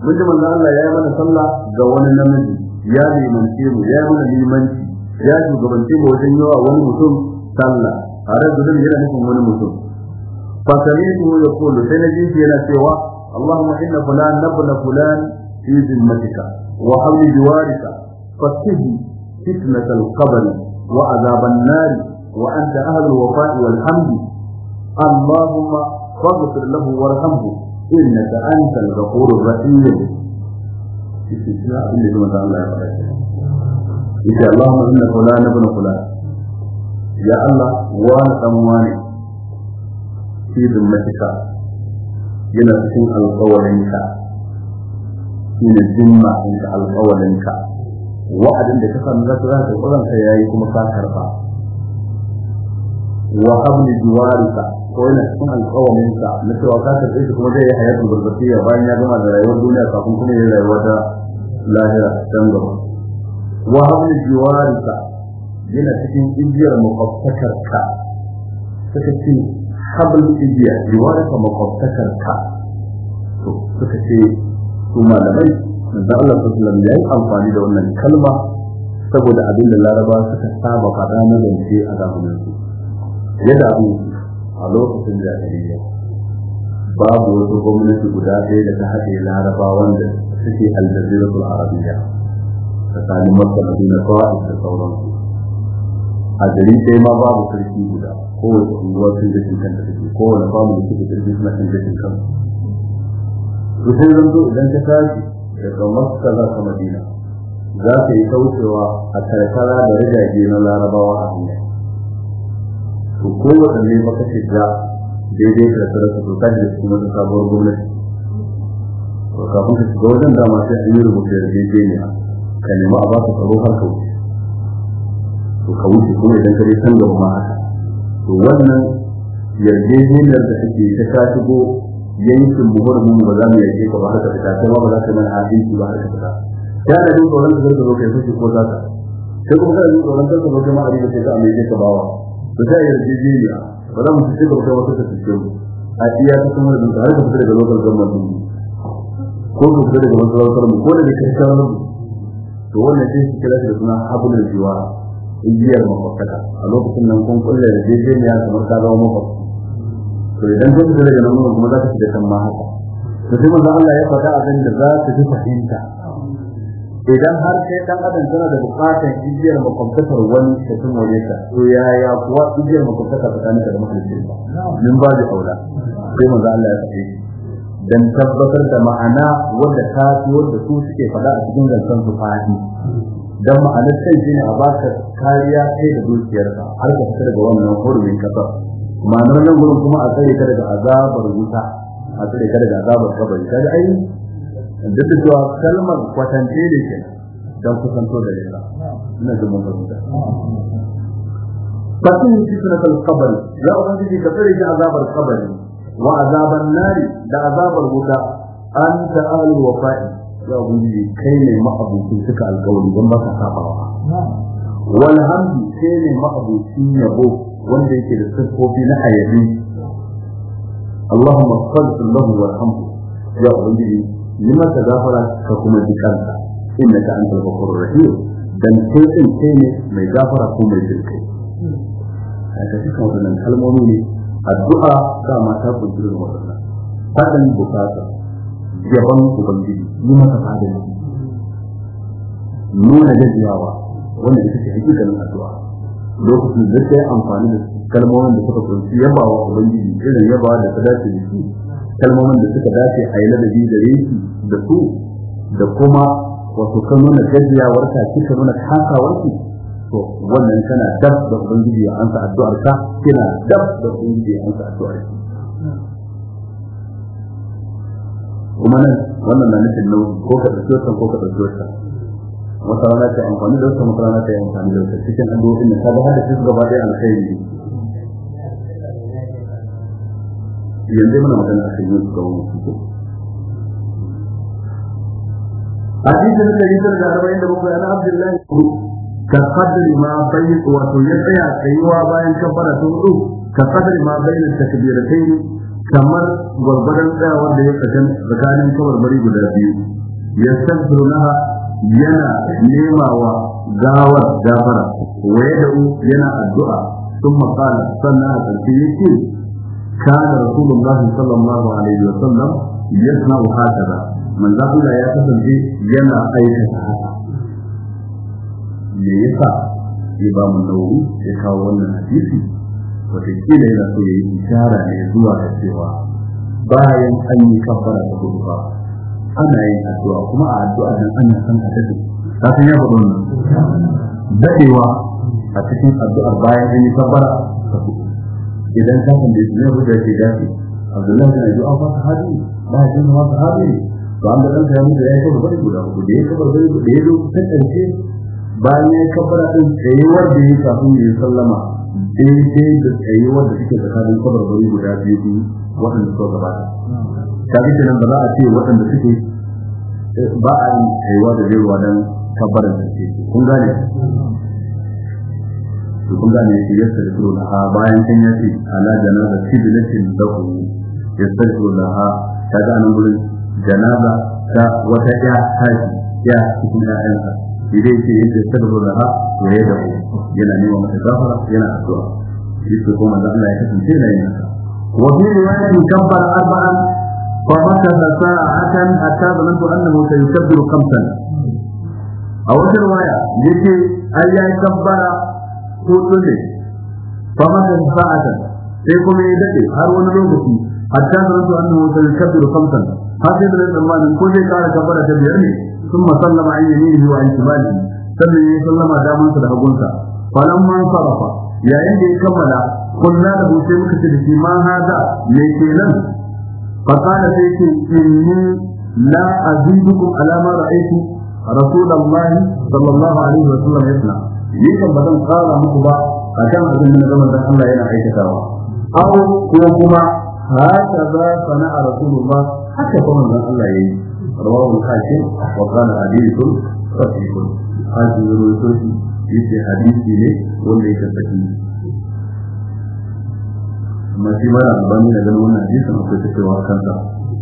من من الله يا من صلى جوان النمج يا لي من سيرو يا من لي من يا جوان سيرو وجنوا وان مسلم صلى رجل من نكون من مسلم فسمعته يقول سنجيس إلى سوى اللهم إن فلان نبل فلان في ذمتك وحول جوارك فاتهي فتنة القبر وعذاب النار وأنت أهل الوفاء والحمد اللهم فاغفر له وارحمه إنك أنت الغفور الرحيم استثناء اللي هو تعالى يقول اللهم إن فلان ابن فلان يا الله وان أمواني في ذمتك yana cikin alƙawarinka shine zimma ɗinka alƙawarinka wa'adin da ka samu za ka zaka kuran ka yayi kuma ka karba wa qabli jiwarika ko yana cikin alƙawarin ka na cewa ka ta shi kuma zai yi hayatul barzakhiya bayan ya gama da rayuwar duniya kafin kuma ya rayuwa ta lahira dan gaba wa qabli jiwarika yana cikin igiyar makwabtakarka suka ce habl igiya jiwarika makwabtakarka suka ce su malamai manzo Allah sallallahu alaihi wasallam amfani da wannan kalma saboda abin da Laraba suka saba faɗa na zance a zamanin su yadda abu a lokacin da jahiliya babu wasu gwamnati guda ɗaya da ta haɗe Laraba wanda suke aljaziratul arabiya tsakanin Makka da Madina Taif da sauransu a gari sai ma babu sarki guda kowace unguwa sun da kan da take kowane famu da suke sarki suna kan da kan su sai zan zo idan ka tashi daga makka za ka madina za ka yi kaucewa a karkara da rajage na larabawa a hanya to ko waɗanne maka shiga daidai karkara ka tuka da su mata sabuwar gwamnati to kafin ka shiga wajen dama sai an yi rubuta da daidai ne ka nemi a ba ka tsaro har ka wuce to ka wuce kuma idan ka dai san gaba ma haka to wannan yarjejeniyar da take ta shigo yankin buhur mun ba za mu yake ka ba haka fita kuma ba za ka mana hadisi ba haka fita ya da duk tsoron da zai kai ko za ka sai kuma kana duk tsoron da zai kai ma da sai ka amince ka bawa to sai yarjejeniya ba za mu ci gaba da wata tafiye a iya ta kuma da har ka fita daga lokacin zaman ko ka fita daga lokacin mu ko da kai ka mu to wannan sai shi kira da suna habulul jiwa igiyar mafakata a lokacin nan kun kulle da jejeniya kamar ka zama to idan ka da daga nan kuma za ka fita kan ma haka to sai manzo Allah ya faɗa abin da za ka fi fahimta idan har kai dan adam tana da bukatar igiyar makwabtakar wani ta tun waje ta to ya kuwa igiyar makwabtakar tsakanin ka da mahaliccin ka min ba da aula sai manzo Allah ya faɗi dan tabbatar da ma'ana wanda ta fi wanda su suke faɗa a cikin zancan su fahimta. dan ma'anar kai shine a baka kariya kai da dukiyarka har ka fita daga wannan hurumin kasar ma'anar nan gurin kuma a tsare ka daga azabar wuta a tsare ka daga azabar kabari ta da ai duk da cewa kalmar kwatance da ke don kusanto da lera ina jin mun rubuta fatin shi suna kal kabari ya ubangiji ka tsare ka azabar kabari wa azabar nari da azabar wuta an ta ahlul wafa'i ya ubangiji kai ne ma'abucin suka alƙawari don ba ka sabawa Wani hamdi kai ne ma'abucin yabo wanda yake da siffofi na ayabi Allahumma salli lahu warhamhu ya ubangiji yi masa gafara ka kuma ji kanka innaka antal ghafurur rahim dan kai din kai ne mai gafara ko mai jinkai haka cikin wannan kalmomi ne addu'a ga mata kudurin wannan fadan bukata gaban ubangiji yi masa fadin nuna gajiyawa wanda ita ce hakikanin addu'a lokacin da kai amfani da kalmomin da suka tsunci yaba wa ubangiji irin yaba da ta dace da shi kalmomin da suka dace a yi ladabi da yanki da su da kuma wato kan nuna gajiyawar ka kika nuna kasawar ki to wannan kana dab da ubangiji ya ansa addu'ar ka kina dab da ubangiji ya ansa addu'ar ki kuma nan wannan na nufin nau'i ko ka ɗauki ko ka ɗauki masarana ta amfani da wata masarana ta yi amfani da wata cikin addu'o'in da ta ba da cikin gaba ɗaya alkhairi yanzu muna magana a cikin yanzu gaba wasu ko a cikin da kai yanzu da arba'in da bukwai na abdullahi ko ka kaddari ma bai wato ya tsaya tsayuwa bayan kafara ta hudu ka kaddari ma bai da takbira kai kamar gwargwadon tsayawar da ya kasance tsakanin kawarmari guda biyu ya san turunaha yana nemawa gawar gafara waye da yana addu'a sun makana sannan a ƙarfi ya ce kana rasulullahi sallallahu alaihi wa sallam ya sana wa haka ba manzakula ya kasance yana aikata haka me ya sa ya ba mu nauyi ya kawo wannan hadisi wataƙila yana so ya yi ishara ne zuwa da cewa bayan an yi kafara da gudu ana yin addu'a kuma a addu'a nan ana san a dade ka san ya faɗo nan dadewa a cikin addu'ar bayan an yi kabbara idan ka san da shi ne rubuta ke dace Abdullahi bin Abi Awfa sahabi ba ya san ma sahabi to an da kanta ya mutu ya yi kabar bari guda uku da ya kabar bari guda ya zo kusan ƙarshe bayan ya kabbara ɗin tsayuwar da ya kafin ya sallama daidai da tsayuwar da suke tsakanin kabar bari guda biyu waɗanda suka gabata. ta kenan ba za a ce waɗanda suke ba a yi kaiwa da jirwa don kabbarin sarki kun gane to kun gane shi ya sarki da ha bayan kan ya ce ala janaza sibilatin dahu ya sarki da ha ta ga nan gurin janaza ta wata ya haji ya cikin ya'yansa idan yake yadda sarki na ha to ya dahu yana nema mata gafara yana addu'a yake kuma da Allah ya kasance yana yin haka wa bi riwayatin kabbara arba'an فمكث ساعة حتى ظننت أنه سيكبر خمسا أو رواية يجي أي يكبر كل فمكث ساعة سيكون يدعي هل ونلوبكم حتى ظننت أنه سيكبر خمسا هذا يدل الله من كل قال كبر تبعني ثم سلم عن يمينه وعن شماله sannan ya sallama damansa da hagunsa falan man sarrafa yayin da ya kammala kullana da sai muka ce da shi ma فقال سيك إني لا أزيدكم على ما رأيت رسول الله صلى الله عليه وسلم يصنع يكن بدل قال مكبا أكان أبن من زمن ذا الله ينا عيشة كروا أو كوكما هكذا صنع رسول الله حتى كون ذا الله يجي رواه الحاكم وقال حديث صحيح هذه الرسول يجي حديثي ليه ولا يتفكيه amma shi mara albani na ganin wannan hadisin akwai ta cewa kansa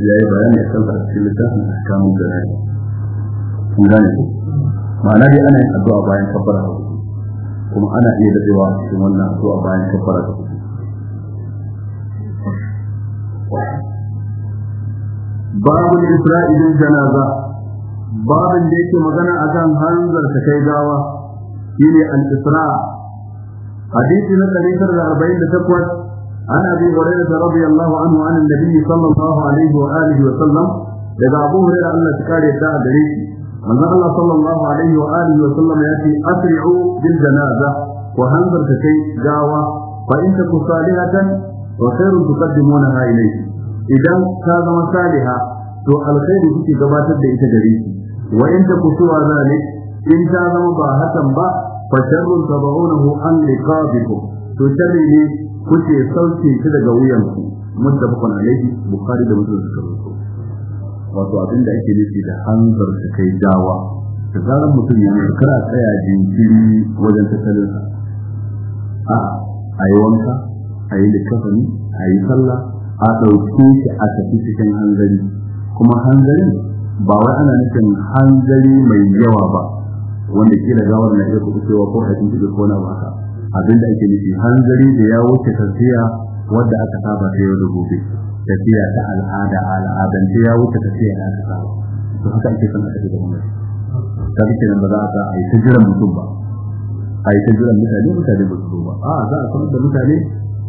ya yi bayani a kansa a cikin littafin a kamun jana'i kun gane ku ma'ana dai ana yin addu'a bayan kafara kuma ana iya dadewa a cikin wannan addu'a bayan kafara ta babu isra'ilin janaza babin da yake magana a kan hanzar ta kai gawa shine al-isra hadisi na 148 عن أبي هريرة رضي الله عنه عن النبي صلى الله عليه وآله وسلم لذا أبو هريرة أن تكاري الداء دريك من الله صلى الله عليه وآله وسلم يأتي أسرعوا بالجنازة وهنظر كشيء جاوة فإن تكون صالحة وخير تقدمونها إليه إذا كان صالحة فالخير تكي قباتت بإيسا دريك وإن تكون سوى ذلك إن كان مباهة با فشر تضعونه عن رقابكم تشري kuke sauke shi daga wuyanku muttafaqun alaihi bukhari da mutum suka rubuta wato abin da ake nufi da hanzar ta kai dawa da zarar mutum ya mutu kana tsaya jinkiri wajen tattalin sa a ayi wanka ayi likafani ayi sallah a dauke shi a tafi cikin hanzari kuma hanzarin ba wai ana nufin hanzari mai yawa ba wanda kila gawar na iya kuɗi cewa ko hajjin ko na ba Abin da ake nufi hanzari da ya wuce tafiya wadda aka saba ta yau da gobe tafiya ta al'ada al'adance ya wuce tafiya da aka saba to haka ake son a tafi da gwamnati ta fi nan ba za a sa a yi ta jiran mutum ba a yi ta jiran mutane mutane ba su zo ba a za a sanar da mutane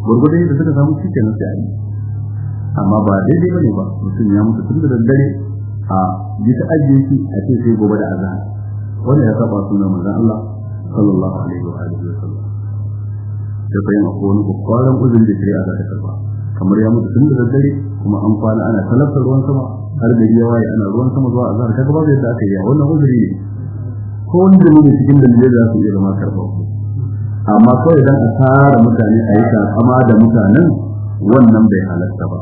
gwargwadon yadda suka samu shi kenan sai a yi amma ba daidai ba ne ba mutum ya mutu tun da daddare a yi ta ajiye shi a ce sai gobe da azahar wannan ya saba sunan manzon Allah sallallahu alaihi wa alihi wa sallam da bayan akwai wani kwakwaran uzun da shari'a za ta karba kamar ya mutu tun da daddare kuma an kwana ana talabtar ruwan sama har da ya waye ana ruwan sama zuwa azhar kaga ba zai da aka yi wannan uzuri ne ko wani da mutu cikin dalilai za su iya zama karba amma kawai dan a tara mutane a yi kama da mutanen wannan bai halatta ba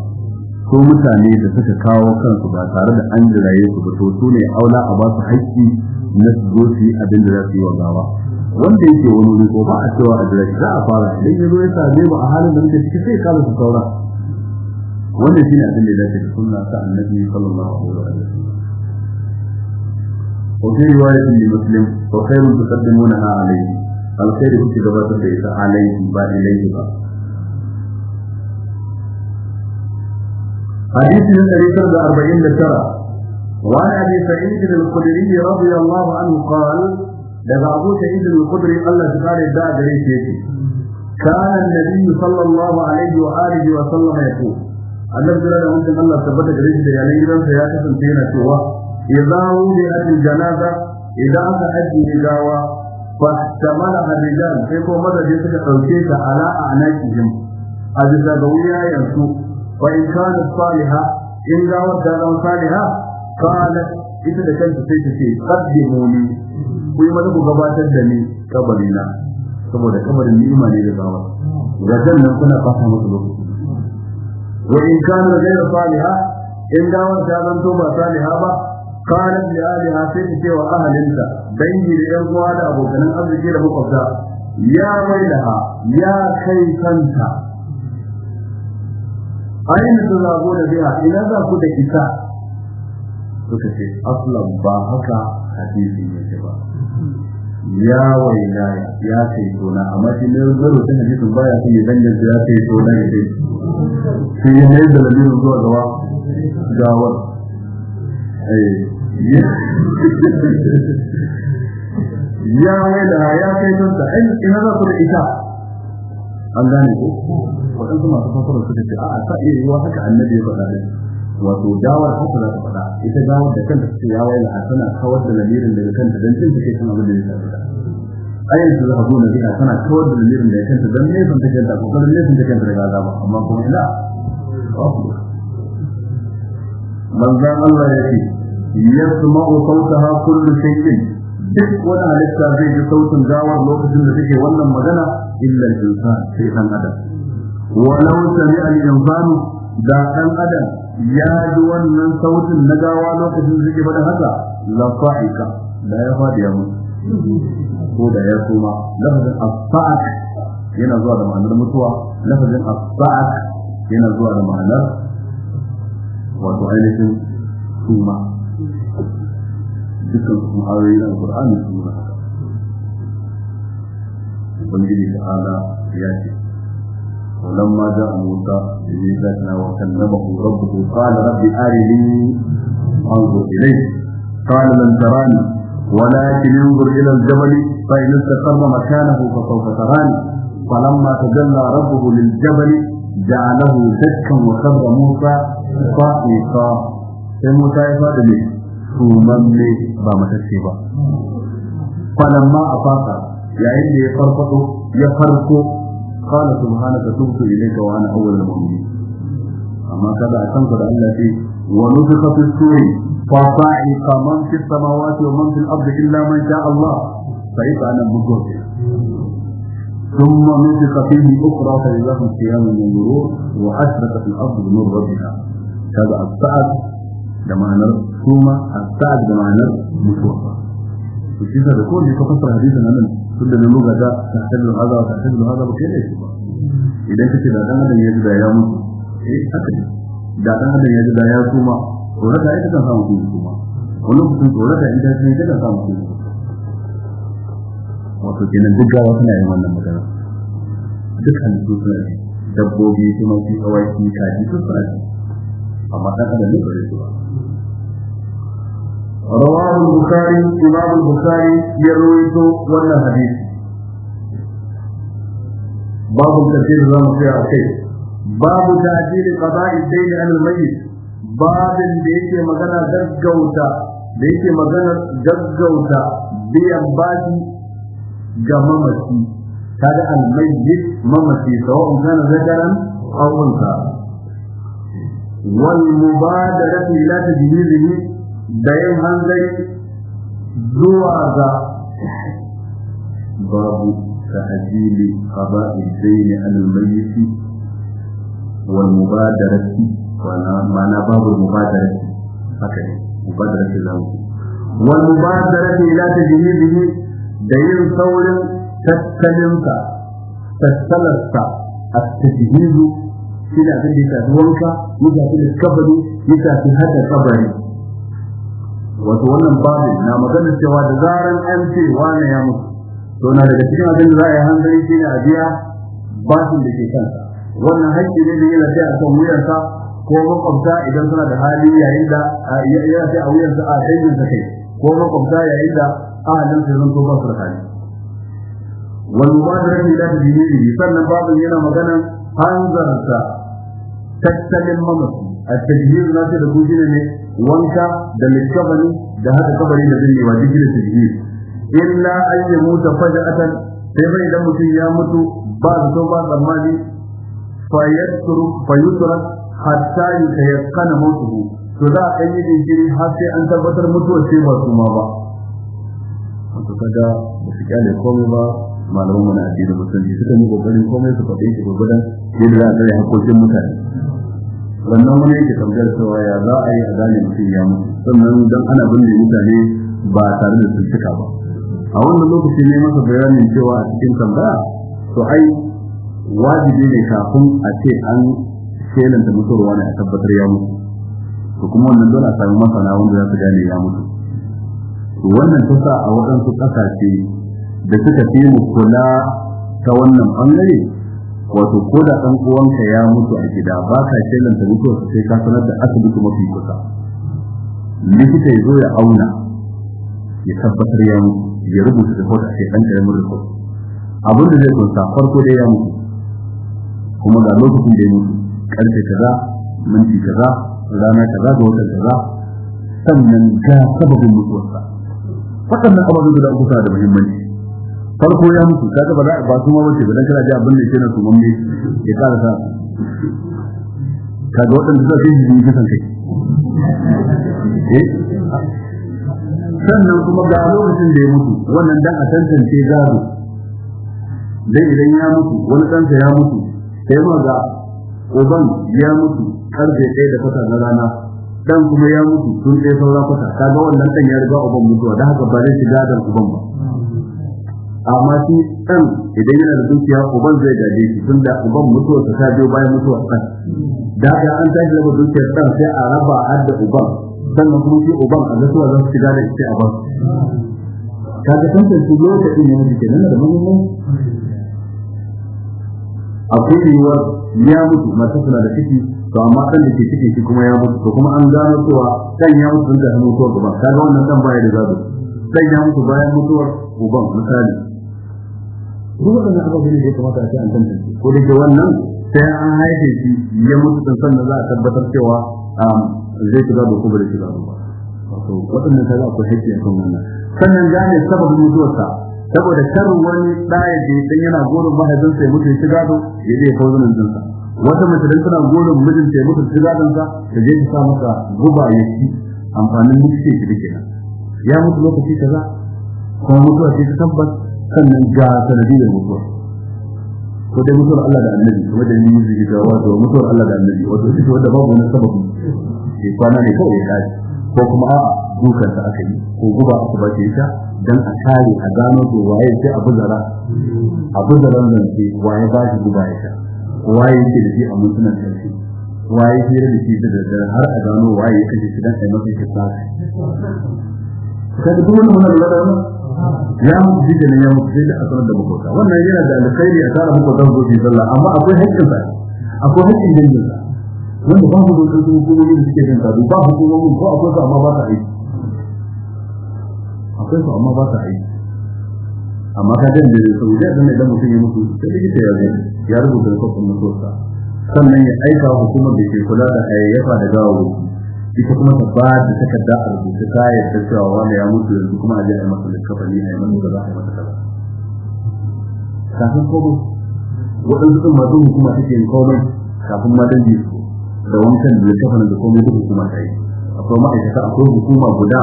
ko mutane da suka kawo kansu ba tare da an jiraye su ba to su ne aula a ba su haƙƙi na su zo su yi abin da za su yi wa gawa wanda yake wani wuri ko ba a cewa a jira za a fara idan ya zo ya same mu a halin da muke ciki sai kala su saura wannan shine abin da ya dace da sunna ta annabi sallallahu alaihi wa sallam وفي رواية لمسلم وخير تقدمونها عليه الخير كنت جبرت بيت عليه بعد إليه بعد حديث من الرسالة الأربعين لترى وعن أبي سعيد الخدري رضي الله عنه قال daga Abu Sa'id al-Khudri Allah ya kare da gare shi yake kana annabi sallallahu alaihi wa alihi wa sallam yake annabi sallallahu alaihi wa sallam tabbata gare shi da yayin gidansa ya kasance yana cewa idza wudi'at al-janaza idza aka ajiye gawa fa tamala ar-rijal sai ko maza mazaje suka dauke ta ala anakihim a bisa ga yanzu. fa in kana salihah in gawar ta zama salihah kana ita da kanta sai ta ce qaddimuni sai maza ku gabatar da ni kabarina saboda kabarin ni ne da da rajan nan kuna fata masa lokaci wa in kana ghayra saliha in dawar ta zanto ba saliha ba qalat li aliha sai ta ce wa ahlinta dangi da yan uwa da abokan arziki da makwabta ya wailaha ya kai kanta ayin da zago da biya ina za ku da isa? suka ce aslan ba haka hadisi ne ba ya waila ya kai tona amma shi ne zaro ta hadisin baya sai ya danganta ya kai tona ya kai sai ya mai da lamirin zuwa gawa gawar eh, ya waila ya kai tonta in ina za ku ita an gane ko waɗansu masu fasara suka ce a'a sa iya yiwa haka annabi ya faɗa da wato dawar haka za ta faɗa ita dawar da kanta ta ce ya wayi a tana kawar da lamirin daga kanta don cin take kan abin da ya faɗa ayin su za zo na zina tana kawar da lamirin daga kanta don ne sun take kanta kokarin ne sun take kanta daga azaba amma kuma ina manzan Allah ya ce yasma'u sautaha kullu shay'in duk wani halitta zai ji sautin dawar lokacin da take wannan magana illa al-insan sai dan adam walau sami'a al-insanu da dan adam ya ji wannan sautin na gawa lokacin da suke faɗa haka la fa'ika da ya faɗi ya mutu ko da ya koma lafazin asfa'ak yana zuwa da ma'anar mutuwa lafazin asfa'ak yana zuwa da ma'anar wato ainihin suma dukkan su ma'ayoyi na alƙur'ani suna ubangiji ta'ala ya ce ولما جاء موسى بميثاقنا وكلمه ربه قال رب ارني انظر اليه قال لن تراني ولكن انظر الى الجبل فان استقر مكانه فسوف تراني فلما تجلى ربه للجبل جعله دكا وخبر موسى صائقا sai Musa ya faɗi لي sumamme فلما matacce ba falamma يفرقه faka قال سبحانك تبت إليك وأنا أول المؤمنين أما كذا أتنقل التي ونفق في السور فصعق من في السماوات ومن في الأرض إلا من شاء الله فإذا أنا بزرق ثم نفق فيه أخرى فإذا هم قيام وأشرك وأشرقت الأرض بنور ربها كذا السعد نرد ثم السعد نرد مشوقة. وكذا في تفسر حديثنا منه tunda da nuna ga ta da haza ta tabi haza ba kai ne shi ba idan kace da dan adam ya ji da ya mutu eh haka ne da dan adam ya ji da ya kuma tsoro da ita ta samu kuma wani mutum tsoro da ita ta ita ta samu kuma wato kenan duk gawa suna yin wannan magana dukkan su suna dabbobi kuma su awaki kaji su suna amma dan adam ne ba su ba رواه البخاري إمام البخاري يرويت ولا حديث باب كثير زمان في أخير باب تعجيل قضاء الدين عن الميت باب ليس مغنى جزجوتا ليس مغنى جزجوتا biyan bashi ga mamaci kada almayyit mamaci sawa'un kana zakaran aw unsa wal mubadaratu ila tajhizihi da yin hanzari zuwa ga babu ta hajjili haba idai ne alimayyaki wani mubadarati mana babu mubadarati haka ne mubadarati za mu wani mubadarati ila ta jini jini da yin saurin tattalinka tattalarsa a tattalinsu shi da abin da ya tafi wanka mutafi da kabari mutafi hada kabari wato wannan babu na magana cewa da zaran an ce wani ya mutu to na daga cikin abin da za a yi hanzari shi ne a biya bashin da ke kansa wannan haƙƙi ne da yana sai a kan wuyarsa ko makwabta idan suna da hali yayin da yana sai a wuyarsa a danginsa kai ko makwabta yayin da ahalin sai zan to ba su da hali والمبادرة إلى تدميره فأن بعض ينا مغانا هنزرت تتلم ممت التدمير ناسي لكوشين wanka da likabani da haka kabari da zai wa duk da tijhid illa an yamuta faja'atan sai bai da mutum ya mutu ba su zato ba tsammani fayatsuru fayutura hatta yutayakkana mutuhu to za a yi jinkiri har sai an tabbatar mutuwar sai ba su ma ba wato kaga ba su kyale komai ba malamin mana addinin musulunci suka yi kokarin komai su faɗe shi gurgudan yadda za a tsare hakokin mutane wannan wani yake tambayar cewa ya za a yi a gane mutum ya mutu sannan don ana binne mutane ba tare da tuntuka ba a wannan lokaci ne masa bayanin cewa a cikin tambaya to ai wajibi ne kafin a ce an shelanta mutuwar ne a tabbatar ya mutu to kuma wannan dole a sami masana wanda za su gane ya mutu to wannan ta sa a waɗansu ƙasashe da suka fi mu kula ta wannan ɓangare wato ko da ɗan uwanka ya mutu a gida ba ka shelanta mutuwarsa sai ka sanar da asibiti mafi kusa likita ya zo ya auna ya tabbatar ya mutu ya rubuta report a kai ɗan ƙaramin report abin da zai kunsa farko dai ya mutu kuma ga lokacin da ya mutu ƙarfe kaza minti kaza rana kaza da watan kaza sannan ga sababin mutuwarsa waɗannan ababen guda uku suna da muhimmanci farko ya mutu ga ba za ba su ma wace dan kana ji abin da yake na su ne ya kara sa kaga waɗanda suka ji yi kisan kai eh sannan kuma ga lokacin da ya mutu wannan dan a tantance gado dai idan ya mutu wani ɗansa ya mutu sai ma ga uban ya mutu karfe ɗaya da fata na rana dan kuma ya mutu sun ɗaya saura fata kaga wannan ɗan ya riga uban mutuwa da haka ba zai shiga dan uban ba amma shi ɗan idan yana da dukiya uban zai gaje shi tun da uban mutuwa ta ta biyo bayan mutuwa ɗan da haka an tashi da dukiyar ɗan sai a raba har da uban sannan kuma shi uban a gasuwa zan su shiga da shi a ban kaga ta lokacin ne muke nan da muhimmanci akwai yiwuwar ya mutu masu suna da ciki to amma kan da ke cikin shi kuma ya mutu to kuma an gano cewa kan ya mutu da mutuwa gaba kaga wannan kan baya da zabi sai ya mutu bayan mutuwar uban misali duk waɗannan abubuwan da ya kamata a ce an tantance ko da ke wannan sai an haife shi ya mutu san sannan za a tabbatar cewa um, zai shiga da ko bai shiga ba wato waɗannan kaza akwai haifi a kan wannan sannan ya ne sababin mutuwarsa saboda karin wani ɗaya da dan yana goron mahaifinsa ya mutu ya shiga da ya zai kawo zanen dinsa wata mace dan tana goron mijinta ya mutu ya shiga dinsa ta je ta sa masa guba ya ci amfanin mutu ke shi kenan ya mutu lokaci kaza kuma mutuwa ce ta tabbas sannan ga sanadiyar mutuwa ko dai mutuwar Allah da annabi kuma da yin zigi da wato mutuwar Allah da annabi wato shi wanda babu wani sababu ke kwana ne kawai ya kaji ko kuma a'a dukan ta aka yi ko guba aka ba ke sha. dan a kare a gano to waye ce abu zara abu zara nan ce waye ba shi guba sha? waye ke da shi a mutunan sarki waye ke da shi da daddare har a gano waye yake da shi dan a masa kisa kada duk wannan wannan ya mutu shi kenan ya mutu sai da asarar da makota wannan yana da alkhairi a tara makotan ko bi sallah amma akwai haƙƙin sa akwai haƙƙin dangin sa wanda ba mu da wasu hukumomi da suke kan sa ba hukumomi ko akwai su amma ba sa aiki akwai su amma ba sa aiki amma ka jan da sauya dan idan mutum ya mutu sai da yake yaje ya rubuta kofin mutuwarsa sannan ya aika hukumar da ke kula da hayayyafa da gawawo ita kuma ta ba da takarda a rubuce ta da cewa wanda ya mutu yanzu kuma a je a yi masa likafani a yi masa da za a yi masa kaza kafin komo waɗansu ɗin masu hukuma suke yin komai kafin ma dan biyu da wankan da likafani da komai da hukuma ta yi akwai ma'aikata akwai hukuma guda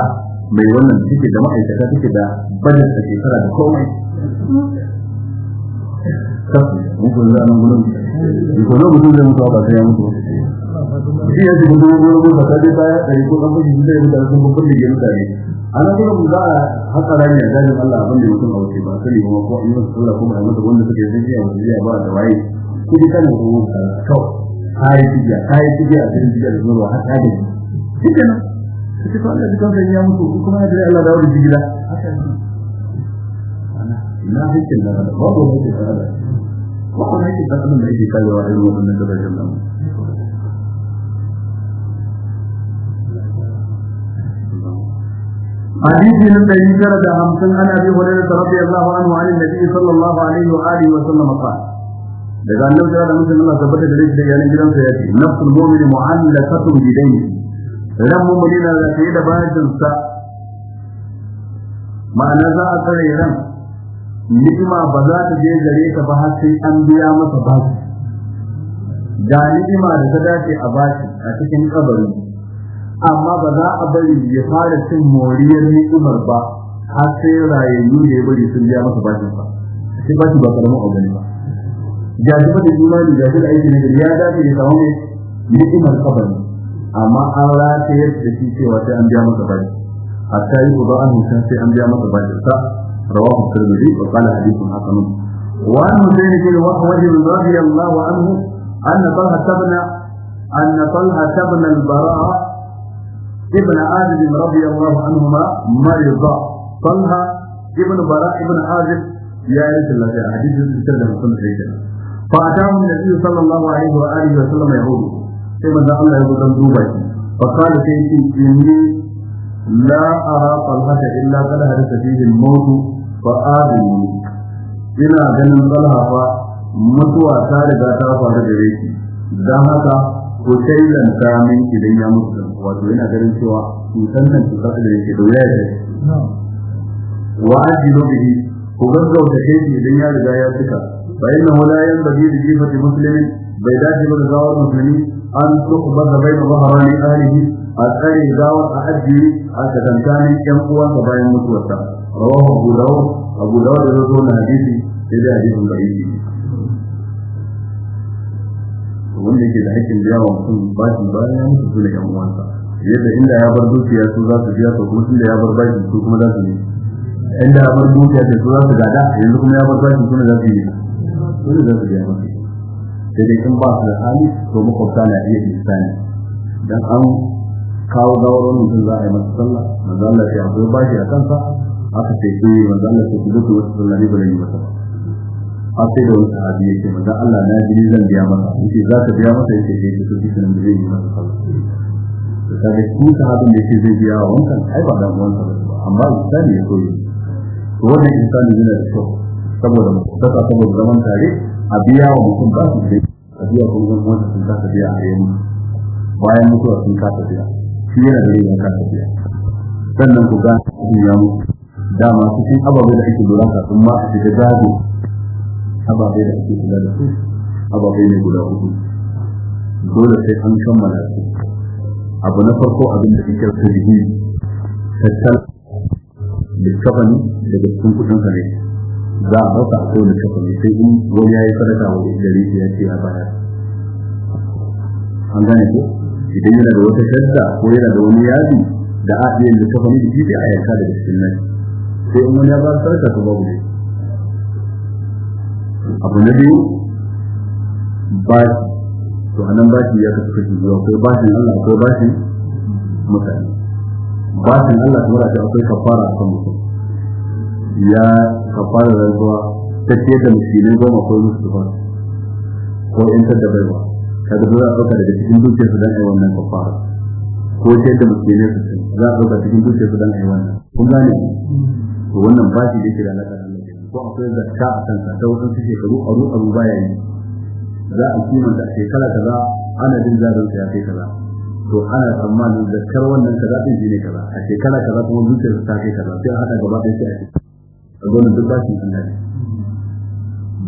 mai wannan suke da ma'aikata suke da bajet da shekara da komai kafin mun zo nan gurin ko lokacin da mutuwa ba sai ya mutu shi ya zuba dogon dogon rubuta ta dai baya ɗari ko ɗan fashin zai rubuta sun babban da ke ana kuma za a haka rani a dajin Allah abin da mutum wuce ba sani kuma ko an yi masa sallah ko wanda suka yi zai a wuce ba da waye ko dai kan rubuta kawai kayi tijiya kayi tijiya a cikin tijiya da zuwa har ta shi ke nan suke Allah dukan da ya mutu kuma ya jira Allah da wani jigila haka ne na hakkin da ba ba ba ba ba ba ba ba ba ba ba ba ba ba ba ba ba ba ba حديث من الذي سرد همسن عن أبي هريرة رضي الله عنه عن النبي صلى الله عليه وآله وسلم قال daga annabi da Allah mutum Allah tabbata da rikin da yanin gidansa ya ce nafsul mu'mini mu'allaqatun bi dayni ran mu'mini na da ke da bayan ma'ana za a tsare ran ni'ima ba za ta je gare ba har sai an biya masa bashi ni'ima da dace a bashi a cikin kabari amma ba za a bari ya fara cin moriyar ni'imar ba har sai rayayyu da ya bari sun biya masa bashin ba sai bashi ba karamin abu ne ba ga shi da imani ga shi da aiki ne ya dace ya samu ni'imar kabari amma an rataye da shi cewa sai an biya masa bashi hatta yi uba an hutun sai an biya masa bashin sa rawahu tirmidhi wa qala hadithun hasan wa an husayn bin wahwaj radiyallahu anhu anna talha tabna anna talha tabna al-bara' ابن عازب رضي الله عنهما مرضا طلحة ابن براء ابن عازب يا ريت الله جاء حديث سنة مسلم سيدنا فأتاهم النبي صلى الله عليه وآله وسلم يهود كما ذا الله يقول دوبي فقال سيدي إني لا أرى طلحة إلا قد حدث فيه الموت فآذني إلى جنب طلحة mutuwa ta riga ta faru da yake don haka ko sai lanta min idan ya mutu wato yana ganin cewa cutar nan cutar da yake da wuya ce wa ajilu bihi ko gaggauta kai idan ya riga ya fita fa inna la yanbaghi li jifati muslimin bai dace ba da zawar musulmi an tuqbada baina dhahrani ahlihi a tsare zawar a ajiye a tsakankanin yan uwansa bayan mutuwarsa rawahu abu dawud abu dawud da zo na hadisi sai da hadisin da yake wanda yake da hakkin biya wa mutum bashi bayan ya mutu sune yan uwansa yadda inda ya bar dukiya su za su biya to kuma inda ya bar bashi su kuma za su yi inda ya bar dukiya su za su gada yanzu kuma ya bar bashi ne za su yi dole za su biya masa sai dai in ba su da hali to makwabta na iya isani dan an kawo gawar wani mutum za a yi masa sallah manzo Allah ya akwai bashi a kansa aka ce eh manzo Allah ya ku duk wasu sallah ne ba da yi masa har sai da wasu sahabi yake manzon Allah na ji zan biya masa yace za ka biya masa yace eh, sai ki soki sanin da zai yi masa sallah to kaga shi sahabin da yake zai biya wankan ai ba da uwansa ba amma misali ya koyi to wannan insani yana da kyau saboda mutaka saboda zaman tare a biya wa mutum ba su sai a biya ko zan wanda sun ka biya a yau bayan mutuwa sun ka biya shi yana da yin ka biya sannan ku ga ya mutu dama cikin ababai da ake lura kafin ma a shiga zabi ababai da ake kula da su ababai ne guda hudu dole sai an kammala su abu na farko abin da kike so yi tattal da kafani da cikin kudin ka ne za a dauka a kowane kafani sai in wani yayi sadaka wa dari ya ce ya bayar an gane ko idan yana da wata shadda ko yana da wani yadi da a iya da kafani da shi sai a yanka daga cikin nan sai in wani ya ba sadaka to babu ne abu na biyu ba to anan ba shi ya kasu kashi biyu akwai bashin Allah akwai shi mutane bashin Allah kuma da akwai kafara kan mutum ya kafara rantsuwa ta ce da miskinai goma ko musu ba ko in ta da baiwa kaga za a ɗauka daga cikin dukiyar su dan aiwa wannan kafara ko ce da miskinai su za a ɗauka cikin dukiyar su dan aiwa wannan kun gane to wannan shi da ke da alaƙa ko akwai zakka a kansa ta wasu shekaru aru aru baya yi za a kimanta shekara kaza ana jin zarin ta ya kai kaza to ana tsammanin zakkar wannan kaza din shine kaza a shekara kaza kuma zuciyar ta kai kaza sai a hada gaba ɗaya sai a ce a zo duk bashin Allah ne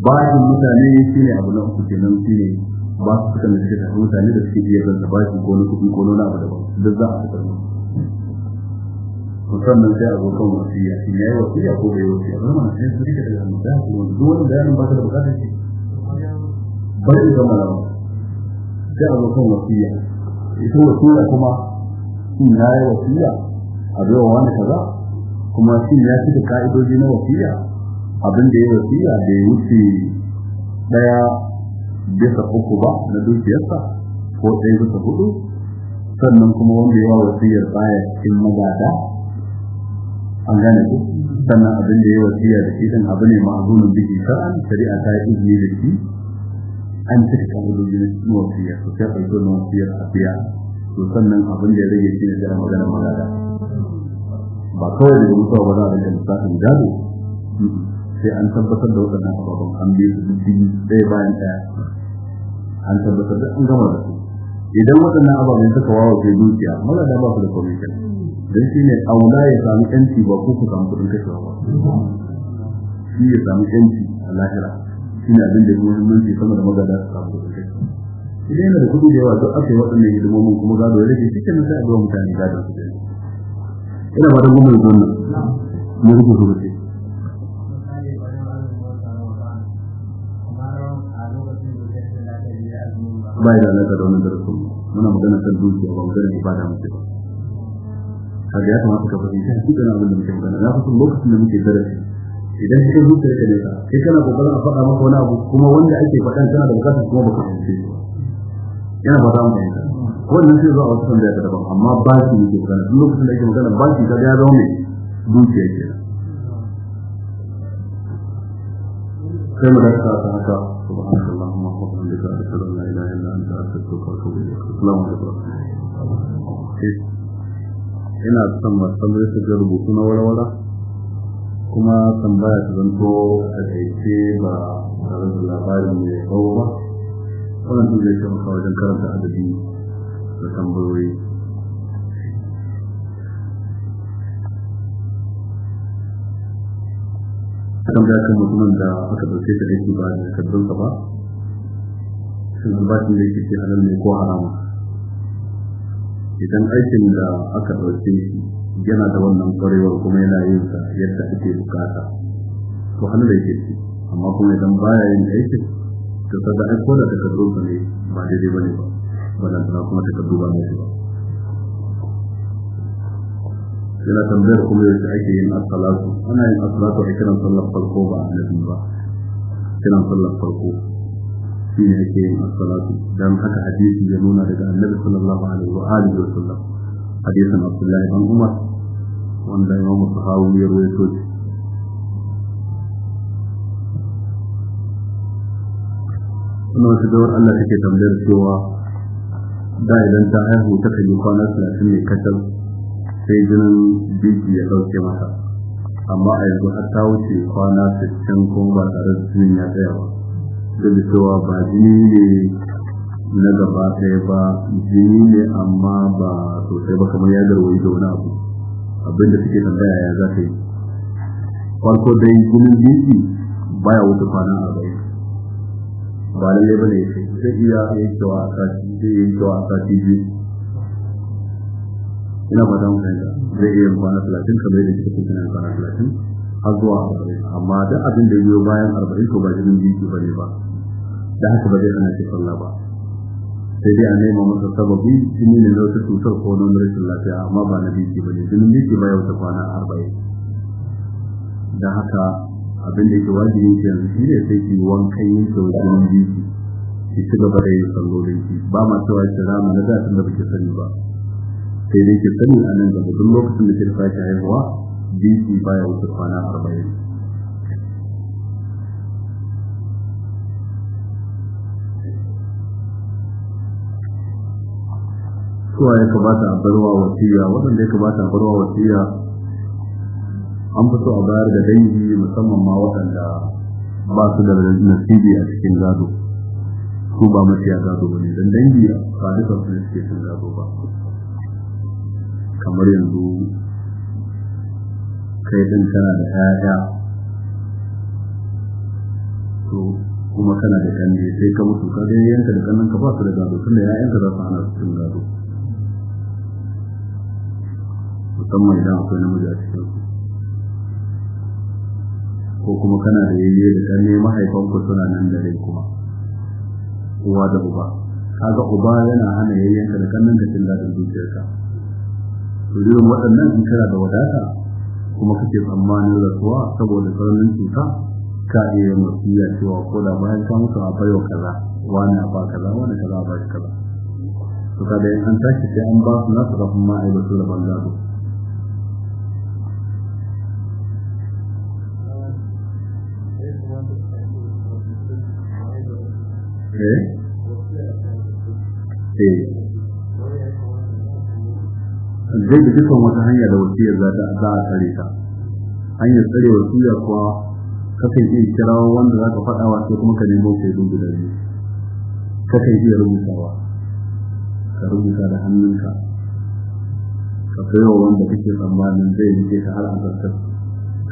bashin mutane shine abu na uku kenan shine ba su suka da suke da mutane da suke iya zanta bashin ko na kuɗi ko na abu daban duk za a fitar musu to sannan sai a zo kan wasiya shi yayi wasiya ko bai wasiya ba mana sai su rike da hannu da su duk wani bayanin ba ta da bukatar shi bari da malama sai a zo kan wasiya ita wasiya kuma shin na yi wasiya a bai wani kaza kuma shin ya cika ka'idoji na wasiya abin da ya wasiya da ya wuce daya bisa uku ba na dukiyarsa ko ɗaya bisa hudu sannan kuma wanda ya wa wasiyar baya cikin magada an gane ku sannan abin da ya wasiya da shi din abu ne ma'azunin biki shar'an shari'a ta yi izini da shi an cika ka'idodin wasiya su sai ɗauko na wasiyar afiya to sannan abin da ya rage shi ne da magana magana ba kawai da mutuwa ba za a rage lissafin gado sai an tabbatar da waɗannan ababen an bi su biyu ɗaya bayan ɗaya an tabbatar da an gama da su idan waɗannan ababen suka wawa ke dukiya maza da ba su da kwamishin don shi ne aula ya sami yanci ba ko ku samu kudin kashewa ba shi ya sami yanci a lahira shi ne abin da ya muhimmanci sama da magada su samu kudin kashewa idan yana da kudu da yawa duk aka yi waɗannan hidimomin kuma gado ya rage shi ke nan sai a zuwa mutane gado su da ina ba da gudun wannan mu rubuta rubuce ba ya da alaƙa da wannan darasin muna magana kan dukiya ba magana ibada mutum a ya kamata ka fahimci hakikanin abin da muke magana na kusan lokacin da muke darasi idan ka kai ka nesa kana kokarin a faɗa maka wani abu kuma wanda ake faɗan tana da bukatar kuma baka fahimce shi yana ba za mu fahimta wannan sai zuwa wasu sanda ya daban amma ba shi ne ke magana duk lokacin da ake magana ba shi ka ya zama mai zuciya kenan sai mu dakata ta haka subhanaka ina son matsalolin su ga rubutu na warwara kuma tambaya ta zanto a ce ba tare da labarin mai kawo ba wannan zai taimaka wajen karanta adadi da tambayoyi kan da kan mutumin da aka dauke ta aiki ba da takardunsa ba shin shi da yake ce halal ne ko haramun idan aikin da aka ɗauke shi yana da wannan kwarewar kuma yana yin sa yadda ake bukata to hannu da yake ci amma kuma idan baya yin aikin to kaga ai koda da kaddo ba ne ba daidai bane ba wannan kuma kuma daga kaddo ba ne ba yana tambayar kuma yadda ake yin as-salatu ana yin as a kiran sallar farko ba a nufin ba kiran sallar farko في نهايه الصلاة دام حتى حديث جنون رضا النبي صلى الله عليه وآله وسلم حديث عبد الله بن عمر وان لا يوم الصحابي يروي توجه أنا أشدور أن لك تمدير سوى دائدا تاهه تفل يقانس لأسمي كتب سيدنا بيجي يلوك مثلا أما أيضا حتى وشي يقانس الشنكم وترز من يتعوى da cewa ba jini ne na gaba ɗaya ba jini ne amma ba sosai ba kamar ya garwayi da wani abu abin da suke tambaya ya za ta yi farko dai jinin biki ya wuce kwana arba'in ba lallai ba ne zai iya yin cewa a sati zai yin cewa a sati biyu ina fata mutane zai iya yin kwana talatin kamar yadda kika kuma kwana talatin har zuwa arba'in amma duk abin da ya biyo bayan arba'in to ba jinin biki bane ba da haka ba zai hana ce sallah ba sai dai a nema masa sababi jini ne na wata cutar ko na rashin lafiya amma ba na biki bane jinin biki ba ya wata kwana arba'in da haka abin da yake wajibi ke yanzu shi ne sai ki wankan yin sauƙin biki ki ci gaba da yin sallolin ki ba ma cewa ki rama na da tun da baki sani ba sai dai ki sani a nan gaba duk lokacin da ke sake haihuwa jinsi baya wuce kwana arba'in suwa ya kamata a barwa wasiya waɗanda ya kamata a barwa wasiya an fito a bayar da dangi musamman ma waɗanda ba su da nasibi a cikin gado su ba mafiya gado ba ne don dangi ba duka su ne suke cikin gado ba kamar yanzu kai din kana da ƴaƴa to kuma kana da kanne sai ka mutu ka ga yanka da kannan ka ba su da gado tunda ƴaƴanka za su hana su cin gado musamman idan akwai namiji a cikin ku. ko kuma kana da yayye da kanne mahaifan ku suna nan da rai kuma uwa da uba kaga uba yana hana yayyanka da kannan da cin gado dukiyarka to irin waɗannan in kana da wadata kuma kake tsammanin rasuwa saboda tsananin cuta ka iya iya cewa ko da bayan ka mutu a bayo kaza wani a ba kaza wani kaza a ba shi kaza to kada in an tashi sai an ba su na su kafin ma da bangado Eh? Eh. zai da dukkan wata hanya da wasiyar za ta za a tsare ta hanyar tsare ya kuwa kakan iya kirawo wanda za ka faɗa wa sai kuma ka nemo ka dubu da biyu kakan iya rubutawa ka rubuta da hannunka ka wa wanda kake tsammanin zai rike ka har a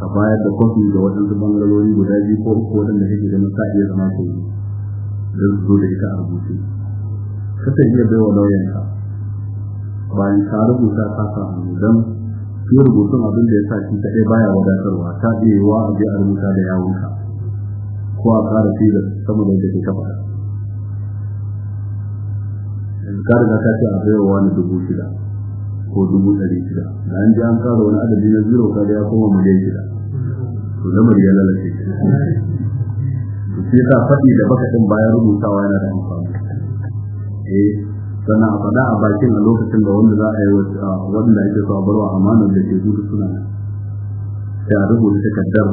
ka bayar da kwafi da waɗansu bangalori guda biyu ko uku waɗanda kake ganin ka iya zama shaidu don su zo da ita a rubuce kakan iya baiwa lauyanka bayan ka rubuta ka samu dan shi rubutun abin da ya sa shi kaɗai baya wadatarwa ta biyuwa a je a rubuta da yawunka, ko a ƙara fi da sama da yadda kafa faɗa yanzu ka riga ka ce a wa wani dubu shida ko dubu ɗari shida da an ji an ƙara wani adadi na zero ka ya koma miliyan shida to lamar ya lalace to ce ta faɗi da baka ɗin bayan rubutawa yana da amfani eh sannan a faɗa a bakin a lokacin da wanda za a yi wanda ake so a barwa amanar da ke zuwa suna sai a rubuta takardar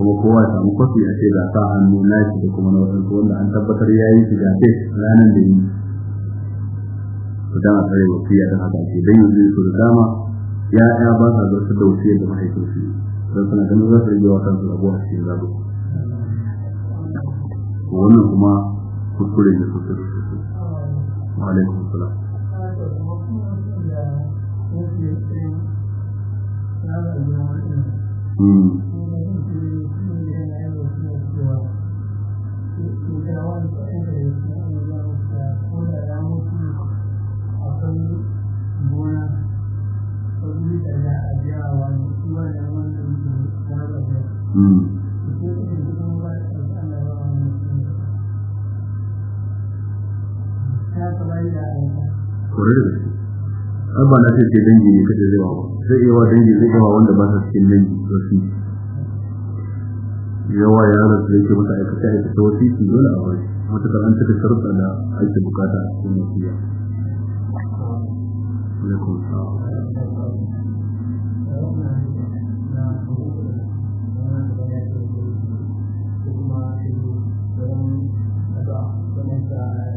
kuma kowa ya samu kwafi a ce ga sa hannu na shi da kuma na waɗansu wanda an tabbatar ya yi shi gafe ranar da yi su dama tsare wasiya don haka ke don yanzu su da dama ya ya ba sa zartar da wasiyar da mahaifinsu don suna ganin za su rage wa kansu rabuwa cikin zabo wannan kuma kuskure ne sosai wa alaikum salam Mm. Mm. kore da gaske ai ba na ce ce dangi ne kaje zai ba zai iya wa dangi zai iya wanda ba sa cikin dangi to shi yawa yaran su yake masa aikata aikata wasu su dole a wani matakar an cika sharuɗa da ake bukata a cikin nasiya Thank you.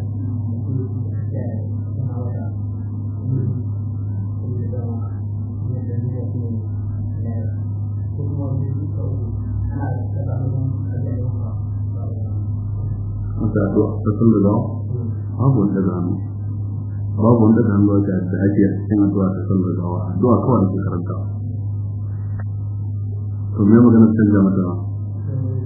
addu'a da sallallahu babu wanda da babu wanda da hannu da da ake cikin addu'a ta sallallahu addu'a kawai karanta to me magana ta jama'a ban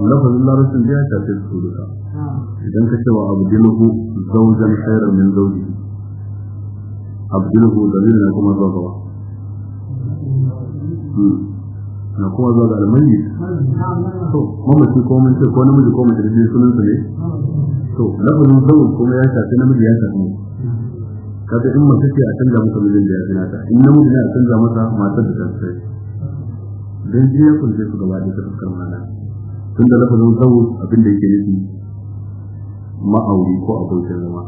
lafazin larabcin da ya shafe su duka idan ka ce wa zaujan min zauji kuma zuwa hmm. na kuma zuwa ga almanji to mamaci ko mun ce ko namiji ko mace da sunan sa ne to lafazin sauran kuma ya shafi namiji ya shafi kaga in mace ce a canza masa mijin da ya fi nata in namiji ne a canza masa matar da ta fi dan shi ya kunce su gaba da fuskar mana tun da lafazin sauran abin da yake nufi ma'auri ko abokin zama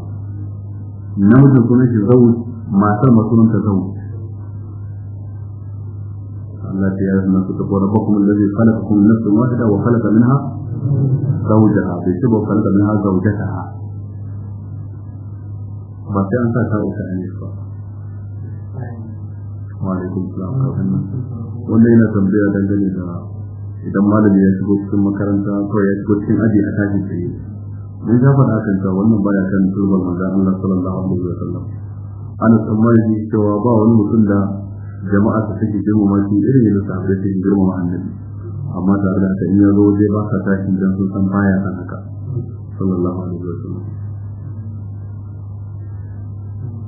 namijin sunan shi zaun matar masunanta zaun الله يا أيها الناس ربكم الذي خلقكم من نفس واحدة وخلق منها زوجها بيسبب وخلق منها زوجتها ba sai an sa ta wuta ne ba wa alaikum salam wanda yana tambaya dangane da idan malami ya shigo cikin makaranta ko ya shigo cikin aji a tashi tsaye mun ga faɗa kan ta wannan baya kan turbar manzon cewa ba wani mutum da jama'a su take girmama shi irin yadda ta suke girmama annabi amma tare da haka in ya zo zai ba ka tashi dan sun san baya kan haka sallallahu alaihi wasallam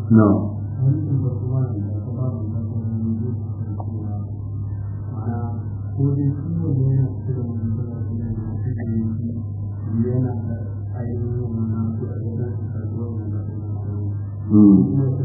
na Mm.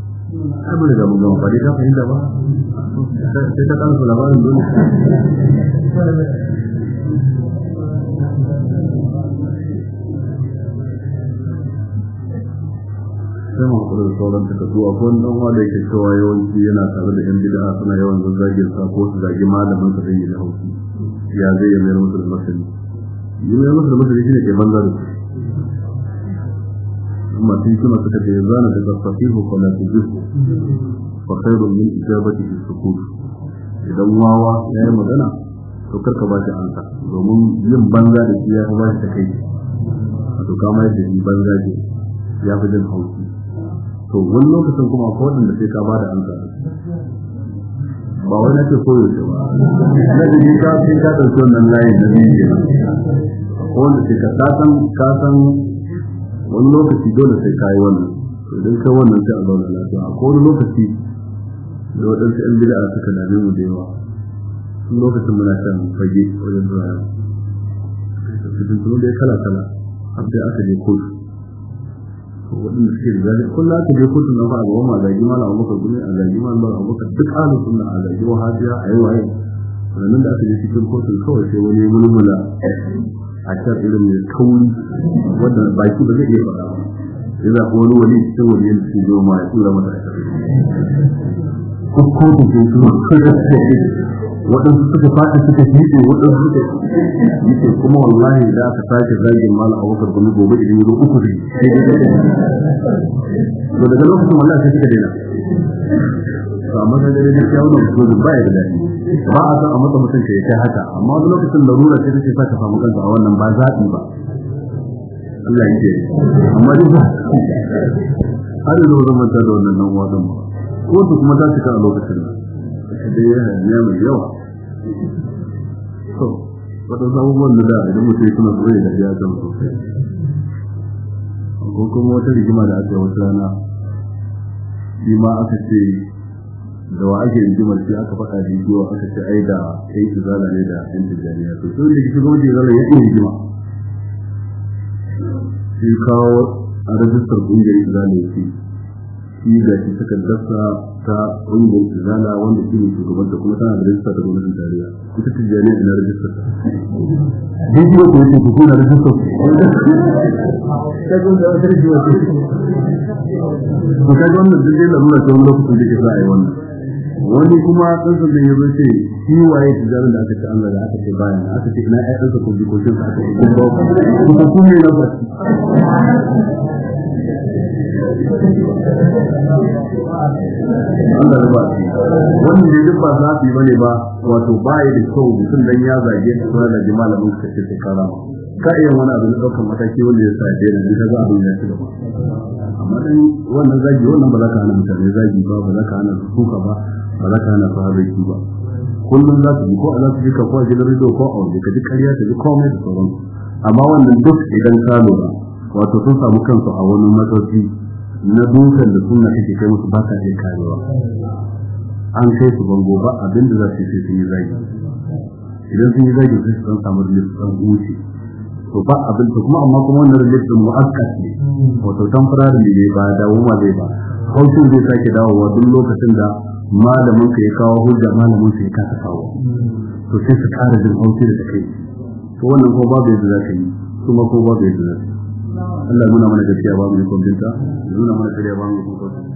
ai mun riga mun gama ba ta fahimta ba sai ta kansu labarin dole sai mu kula da sauran ta kasuwa ko nan wanda yake cewa yawanci yana tare da yan bid'a suna yawan zazzagin sa ko su zagi malamin sa yi ya zai yi mai masani yi mai ke banza da su masu hikima suka ce zana daga fasihu kala tuzihu fa khairun min ijabati fi sukut idan wawa ya yi magana to karka ba shi ansa domin yin banza da shi ya ba shi kai a to kama yadda shi banza ce ya fi jin haushi to wani lokacin kuma akwai waɗanda sai ka ba da ansa ba wai na ce koyo ce ba na ji ka sai ka ɗauki wannan layin na biyu ke nan wanda sai ka san wani lokaci dole sai kayi wannan idan wannan sai a zauna lafiya ko wani lokaci da waɗansu yan suka da yawa sun lokacin muna fage wajen zuwa yau tuno da kala kala aka je kotu waɗanda suke da zaɓi kullum aka je ma zagi gumi a zagi duk alin sunna a zagi wahabiya a yi waye sannan da aka je cikin kotun kawai sai wani mulmula ashar irin mai kauri wanda baki ba zai iya faɗa idan ko wani wani cikin wani yin cikin zo ma ya tura mata ashar ko ko waɗansu suka suka fiɗe waɗansu suka yake kuma wallahi da aka sake zagin mala a wakar gumi gobe idan yi uku daga lokacin wallahi sai suka daina to amma da dare da kyawun mutum ba ya da dadi ba a san a mata mutum ya kai haka amma wani lokacin da larura sai take sa ka samu kanka a wannan ba zaɓi ba Allah ya ce amma duk har da wannan mata da wannan nan wadan ba ko su kuma za su ka a lokacin da dai ya hanya mai yawa to wata abubuwan da da idan mutum suna zuwa da ya zama sosai ko kuma wata rigima da aka yi wata rana shi ma aka ce da wa ake rigimar sai aka faɗa da yawa aka ce ai da kai izala ne da yan tijjaniya to sun da shigo da izala ya iya rigima shi kawo a rajistar ƙungiyar izala ya shi da shi suka dasa ta ƙungiyar izala wanda shi ne shugaban da kuma tana da rajista da gwamnatin tarayya ita tijjaniya da na ta duk yau ko yake ku kuna rajista ta gwamnati wata rajista ta gwamnati duk dai lalura ta lokacin da ke za yi wannan wani kuma ɗansa da ya zace shi waye tijara da aka ce Allah da aka ce bayan aka ce ina ya ɗansa ko bikokin sa aka ce kun ba ku ne na ba Allah ya ba wannan da duk ba za su yi bane ba wato ba ya da kyau mutum dan ya zage su da jama'a mun ka ce kara ka iya wani abu na ɗaukar mataki wanda ya sa ya daina duka za abin ya ci gaba amma dan wannan zagi wannan ba za ka hana mutane zagi ba ba za ka hana suka ba ba za ka hana su halarci ba kullum za su ji ko a za su ji ka ko a gidan rediyo ko a waje ka ji karya ka ji komai da sauran amma wannan duk idan ka lura wato sun samu kansu a wani matsayi na dukan da sunna kake kai musu ba ka iya karewa an kai su bango ba abinda za su yi sun yi zagi idan sun yi zagi sai su san samu rilis san huce to ba abin to kuma amma kuma wannan rilis din mu'akkas ne wato temporary ne ba dawo ma zai ba haushin zai sake dawowa duk lokacin da malamin ka ya kawo hujja malamin ka ya kasa kawo to sai su kara jin haushi da kai to wannan ko babu yadda za ka yi kuma ko babu yadda za ka yi Allah nuna mana gaskiya ba mu ne kwamfinta nuna mana shirya ba mu ne kwamfinta